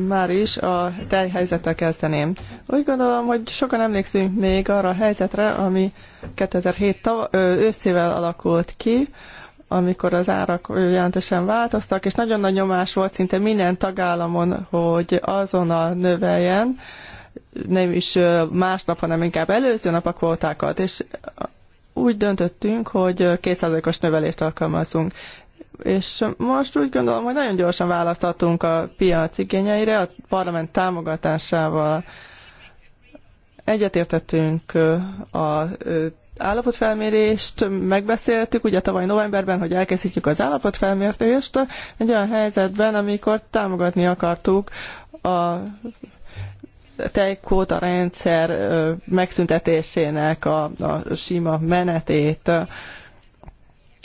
már is a tejhelyzettel kezdeném. Úgy gondolom, hogy sokan emlékszünk még arra a helyzetre, ami 2007 tav- őszével alakult ki, amikor az árak jelentősen változtak, és nagyon nagy nyomás volt szinte minden tagállamon, hogy azonnal növeljen, nem is másnap, hanem inkább előző nap a kvótákat, és úgy döntöttünk, hogy kétszázalékos os növelést alkalmazunk. És most úgy gondolom, hogy nagyon gyorsan választottunk a piac igényeire, a parlament támogatásával egyetértettünk a állapotfelmérést, megbeszéltük ugye tavaly novemberben, hogy elkészítjük az állapotfelmérést egy olyan helyzetben, amikor támogatni akartuk a tejkóta rendszer megszüntetésének a, a sima menetét.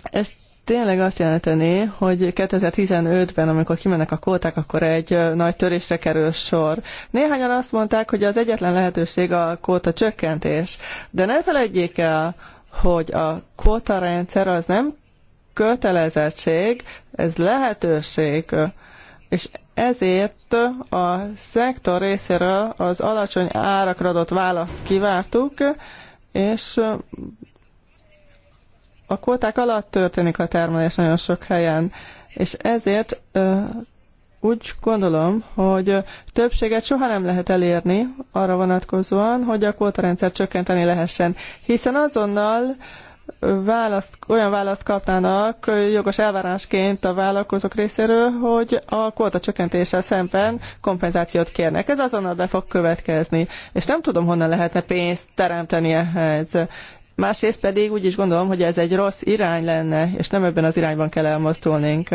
Ezt tényleg azt jelenteni, hogy 2015-ben, amikor kimennek a kóták, akkor egy nagy törésre kerül sor. Néhányan azt mondták, hogy az egyetlen lehetőség a kóta csökkentés, de ne felejtjék el, hogy a kóta rendszer az nem kötelezettség, ez lehetőség, és ezért a szektor részéről az alacsony árakra adott választ kivártuk, és a kóták alatt történik a termelés nagyon sok helyen, és ezért úgy gondolom, hogy többséget soha nem lehet elérni arra vonatkozóan, hogy a kótarendszer csökkenteni lehessen, hiszen azonnal választ, olyan választ kapnának jogos elvárásként a vállalkozók részéről, hogy a kvóta csökkentéssel szemben kompenzációt kérnek. Ez azonnal be fog következni, és nem tudom, honnan lehetne pénzt teremteni ehhez. Másrészt pedig úgy is gondolom, hogy ez egy rossz irány lenne, és nem ebben az irányban kell elmozdulnunk.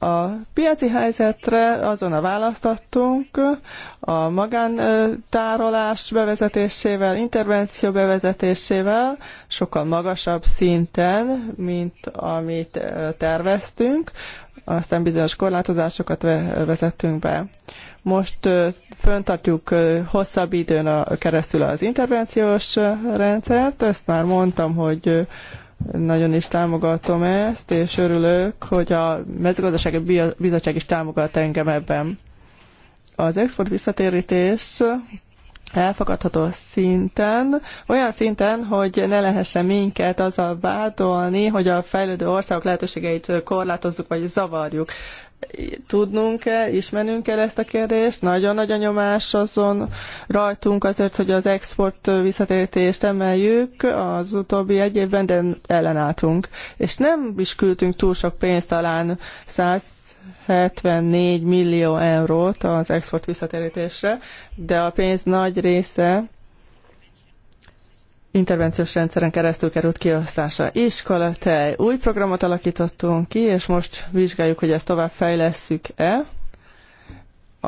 A piaci helyzetre azon a választattunk a magántárolás bevezetésével, intervenció bevezetésével, sokkal magasabb szinten, mint amit terveztünk aztán bizonyos korlátozásokat vezettünk be. Most föntartjuk hosszabb időn a, keresztül az intervenciós rendszert, ezt már mondtam, hogy nagyon is támogatom ezt, és örülök, hogy a mezőgazdasági bizottság is támogat engem ebben. Az export visszatérítés elfogadható szinten, olyan szinten, hogy ne lehessen minket azzal vádolni, hogy a fejlődő országok lehetőségeit korlátozzuk vagy zavarjuk. Tudnunk kell, ismerünk kell ezt a kérdést, nagyon nagyon nyomás azon rajtunk azért, hogy az export visszatérítést emeljük az utóbbi egy évben, de ellenálltunk. És nem is küldtünk túl sok pénzt, talán 100 74 millió eurót az export visszatérítésre, de a pénz nagy része intervenciós rendszeren keresztül került kiosztása. Iskola tej. Új programot alakítottunk ki, és most vizsgáljuk, hogy ezt tovább fejlesszük-e,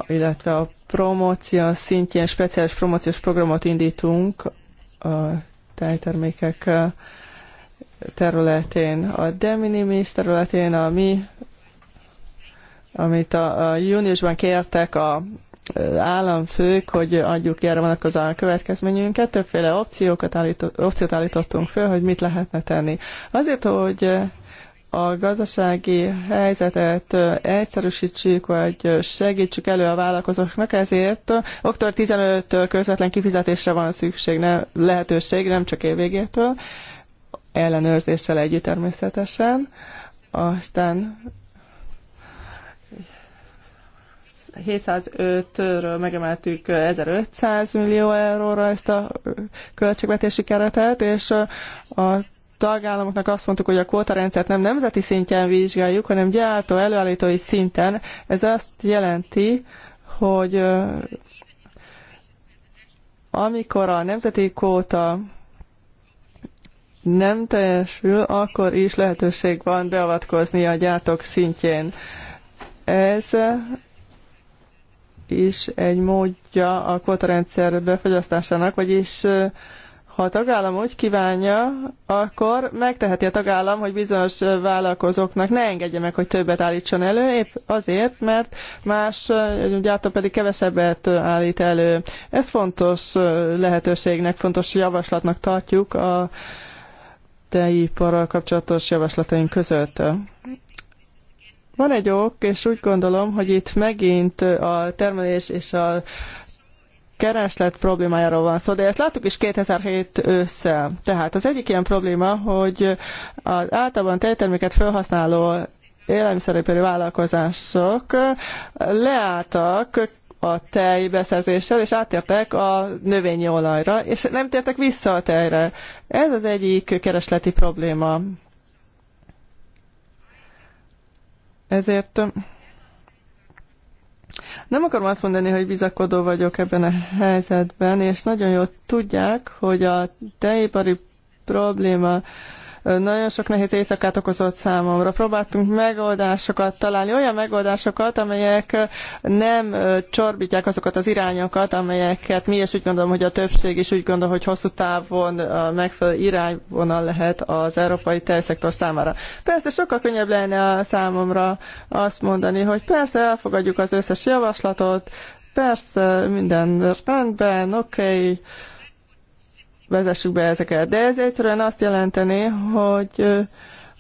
illetve a promócia szintjén speciális promóciós programot indítunk a tejtermékek területén, a de minimis területén, a mi amit a, a júniusban kértek a államfők, hogy adjuk erre vonatkozóan a következményünket. Többféle opciókat állított, opciót állítottunk föl, hogy mit lehetne tenni. Azért, hogy a gazdasági helyzetet egyszerűsítsük, vagy segítsük elő a vállalkozóknak, ezért október 15-től közvetlen kifizetésre van szükség, nem, lehetőség, nem csak évvégétől, ellenőrzéssel együtt természetesen. Aztán 705-ről megemeltük 1500 millió euróra ezt a költségvetési keretet, és a tagállamoknak azt mondtuk, hogy a kvótarendszert nem nemzeti szinten vizsgáljuk, hanem gyártó előállítói szinten. Ez azt jelenti, hogy amikor a nemzeti kóta nem teljesül, akkor is lehetőség van beavatkozni a gyártók szintjén. Ez is egy módja a kvotarendszer befogyasztásának, vagyis ha a tagállam úgy kívánja, akkor megteheti a tagállam, hogy bizonyos vállalkozóknak ne engedje meg, hogy többet állítson elő, épp azért, mert más gyártó pedig kevesebbet állít elő. Ez fontos lehetőségnek, fontos javaslatnak tartjuk a teiparral kapcsolatos javaslataink között. Van egy ok, és úgy gondolom, hogy itt megint a termelés és a kereslet problémájáról van szó, de ezt láttuk is 2007 ősszel. Tehát az egyik ilyen probléma, hogy az általában tejterméket felhasználó élelmiszeripari vállalkozások leálltak a tej beszerzéssel, és átértek a növényi olajra, és nem tértek vissza a tejre. Ez az egyik keresleti probléma. Ezért nem akarom azt mondani, hogy bizakodó vagyok ebben a helyzetben, és nagyon jól tudják, hogy a tejipari probléma nagyon sok nehéz éjszakát okozott számomra. Próbáltunk megoldásokat találni, olyan megoldásokat, amelyek nem csorbítják azokat az irányokat, amelyeket mi is úgy gondolom, hogy a többség is úgy gondol, hogy hosszú távon a megfelelő irányvonal lehet az európai tejszektor számára. Persze sokkal könnyebb lenne a számomra azt mondani, hogy persze elfogadjuk az összes javaslatot, persze minden rendben, oké, okay, vezessük be ezeket. De ez egyszerűen azt jelenteni, hogy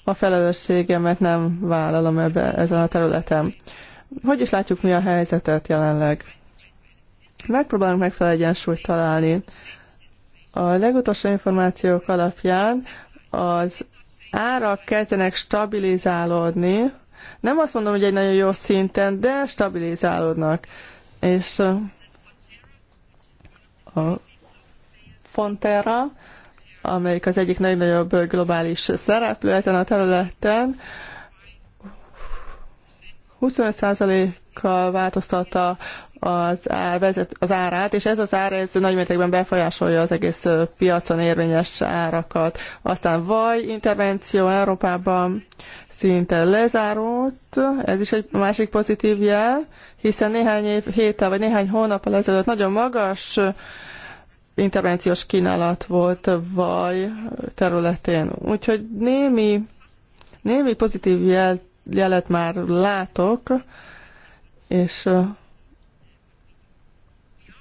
a felelősségemet nem vállalom ebbe, ezen a területen. Hogy is látjuk mi a helyzetet jelenleg? Megpróbálunk megfelelő egyensúlyt találni. A legutolsó információk alapján az árak kezdenek stabilizálódni. Nem azt mondom, hogy egy nagyon jó szinten, de stabilizálódnak. És a Fonterra, amelyik az egyik legnagyobb globális szereplő ezen a területen, 25%-kal változtatta az, ár, vezet, az árát, és ez az ár ez mértékben befolyásolja az egész piacon érvényes árakat. Aztán vaj intervenció Európában szinte lezárult, ez is egy másik pozitív jel, hiszen néhány év, héttel vagy néhány hónappal ezelőtt nagyon magas intervenciós kínálat volt vaj területén. Úgyhogy némi, némi pozitív jel, jelet már látok, és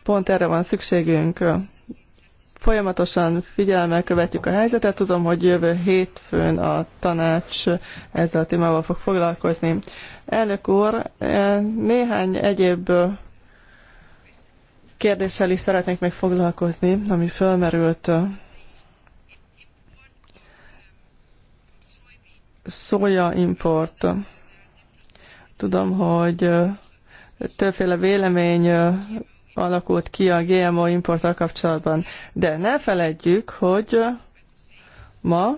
pont erre van szükségünk. Folyamatosan figyelemmel követjük a helyzetet. Tudom, hogy jövő hétfőn a tanács ezzel a témával fog foglalkozni. Elnök úr, e, néhány egyéb kérdéssel is szeretnék még foglalkozni, ami fölmerült szója import. Tudom, hogy többféle vélemény alakult ki a GMO importtal kapcsolatban, de ne feledjük, hogy ma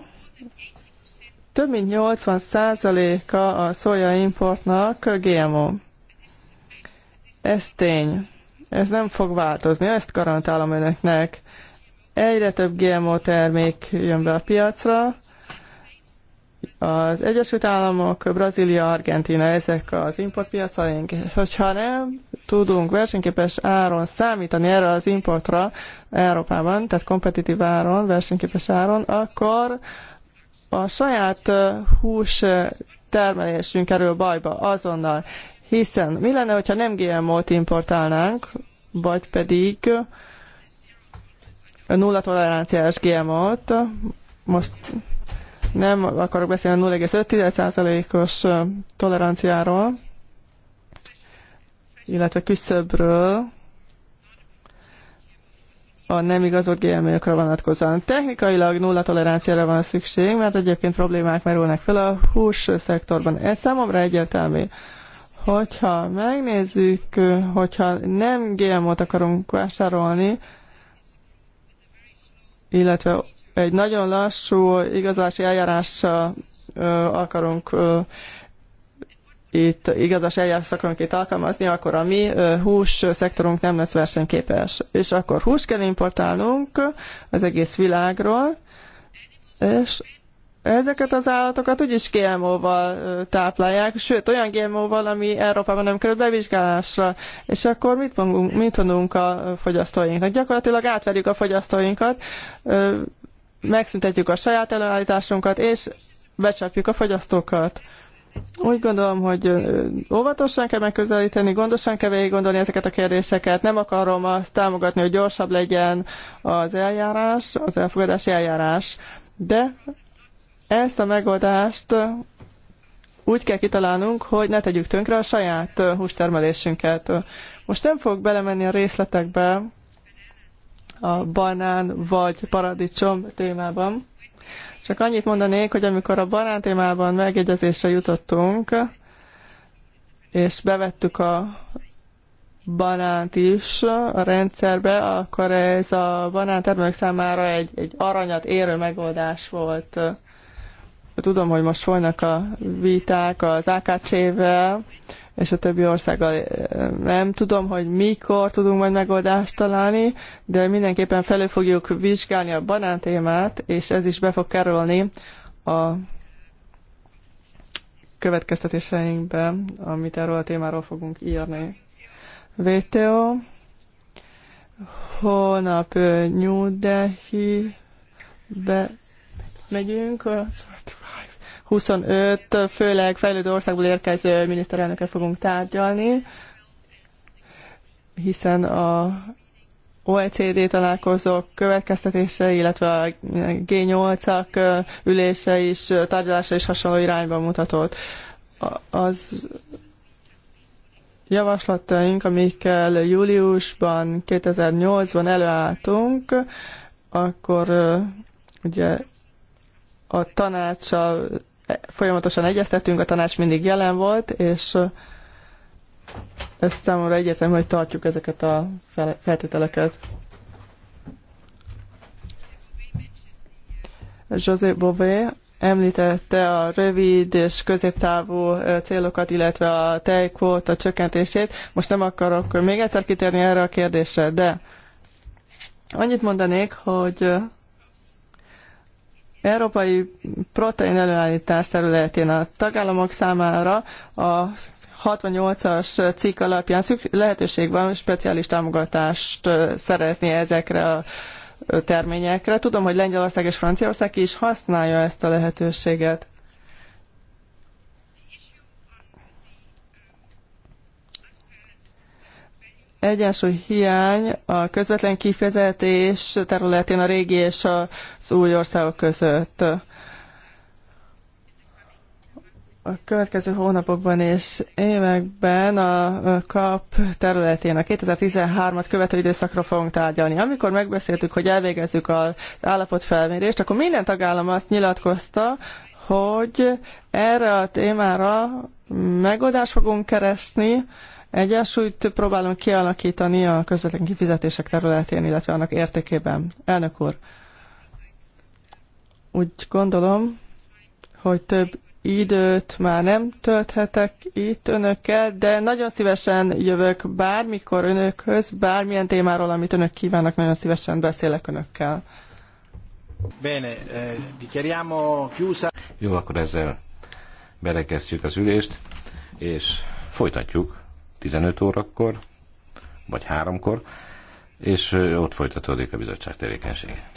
több mint 80%-a a szója importnak GMO. Ez tény. Ez nem fog változni, ezt garantálom önöknek. Egyre több GMO termék jön be a piacra. Az Egyesült Államok, Brazília, Argentina, ezek az importpiacaink. Hogyha nem tudunk versenyképes áron számítani erre az importra Európában, tehát kompetitív áron, versenyképes áron, akkor a saját uh, hús uh, termelésünk kerül bajba azonnal. Hiszen mi lenne, hogyha nem GMO-t importálnánk, vagy pedig nulla toleranciás GMO-t, most nem akarok beszélni 0,5%-os toleranciáról, illetve küszöbről a nem igazolt GMO-kra vonatkozóan. Technikailag nulla toleranciára van szükség, mert egyébként problémák merülnek fel a hús szektorban. Ez számomra egyértelmű. Hogyha megnézzük, hogyha nem GMO-t akarunk vásárolni, illetve egy nagyon lassú igazási eljárással akarunk itt igazas eljárás akarunk itt alkalmazni, akkor a mi hús szektorunk nem lesz versenyképes. És akkor hús kell importálnunk az egész világról, és Ezeket az állatokat úgyis GMO-val táplálják, sőt olyan GMO-val, ami Európában nem került bevizsgálásra. És akkor mit mondunk, mit mondunk a fogyasztóinknak? Gyakorlatilag átverjük a fogyasztóinkat, megszüntetjük a saját előállításunkat, és becsapjuk a fogyasztókat. Úgy gondolom, hogy óvatosan kell megközelíteni, gondosan kell végig gondolni ezeket a kérdéseket. Nem akarom azt támogatni, hogy gyorsabb legyen az eljárás, az elfogadási eljárás, de ezt a megoldást úgy kell kitalálnunk, hogy ne tegyük tönkre a saját hústermelésünket. Most nem fogok belemenni a részletekbe a banán vagy paradicsom témában. Csak annyit mondanék, hogy amikor a banán témában megjegyezésre jutottunk, és bevettük a banánt is a rendszerbe, akkor ez a banántermelők számára egy, egy aranyat érő megoldás volt. Tudom, hogy most folynak a viták az AKC-vel, és a többi országgal nem tudom, hogy mikor tudunk majd megoldást találni, de mindenképpen felül fogjuk vizsgálni a banántémát, és ez is be fog kerülni a következtetéseinkbe, amit erről a témáról fogunk írni. VTO, holnap New Delhi-be megyünk. 25, főleg fejlődő országból érkező miniszterelnöket fogunk tárgyalni, hiszen a OECD találkozók következtetése, illetve a G8-ak ülése is, tárgyalása is hasonló irányba mutatott. Az javaslataink, amikkel júliusban, 2008-ban előálltunk, akkor ugye a tanácssal folyamatosan egyeztetünk, a tanács mindig jelen volt, és ez számomra egyértelmű, hogy tartjuk ezeket a feltételeket. José Bové említette a rövid és középtávú célokat, illetve a a csökkentését. Most nem akarok még egyszer kitérni erre a kérdésre, de annyit mondanék, hogy európai protein előállítás területén a tagállamok számára a 68-as cikk alapján lehetőség van speciális támogatást szerezni ezekre a terményekre. Tudom, hogy Lengyelország és Franciaország is használja ezt a lehetőséget. egyensúly hiány a közvetlen kifizetés területén a régi és az új országok között. A következő hónapokban és években a KAP területén a 2013-at követő időszakra fogunk tárgyalni. Amikor megbeszéltük, hogy elvégezzük az állapotfelmérést, akkor minden tagállam azt nyilatkozta, hogy erre a témára megoldást fogunk keresni, Egyensúlyt próbálunk kialakítani a közvetlen kifizetések területén, illetve annak értékében. Elnök úr, úgy gondolom, hogy több időt már nem tölthetek itt önökkel, de nagyon szívesen jövök bármikor önökhöz, bármilyen témáról, amit önök kívánnak, nagyon szívesen beszélek önökkel. Bene, eh, chiusa. Jó, akkor ezzel belekezdjük az ülést, és folytatjuk 15 órakor, vagy háromkor, és ott folytatódik a bizottság tevékenysége.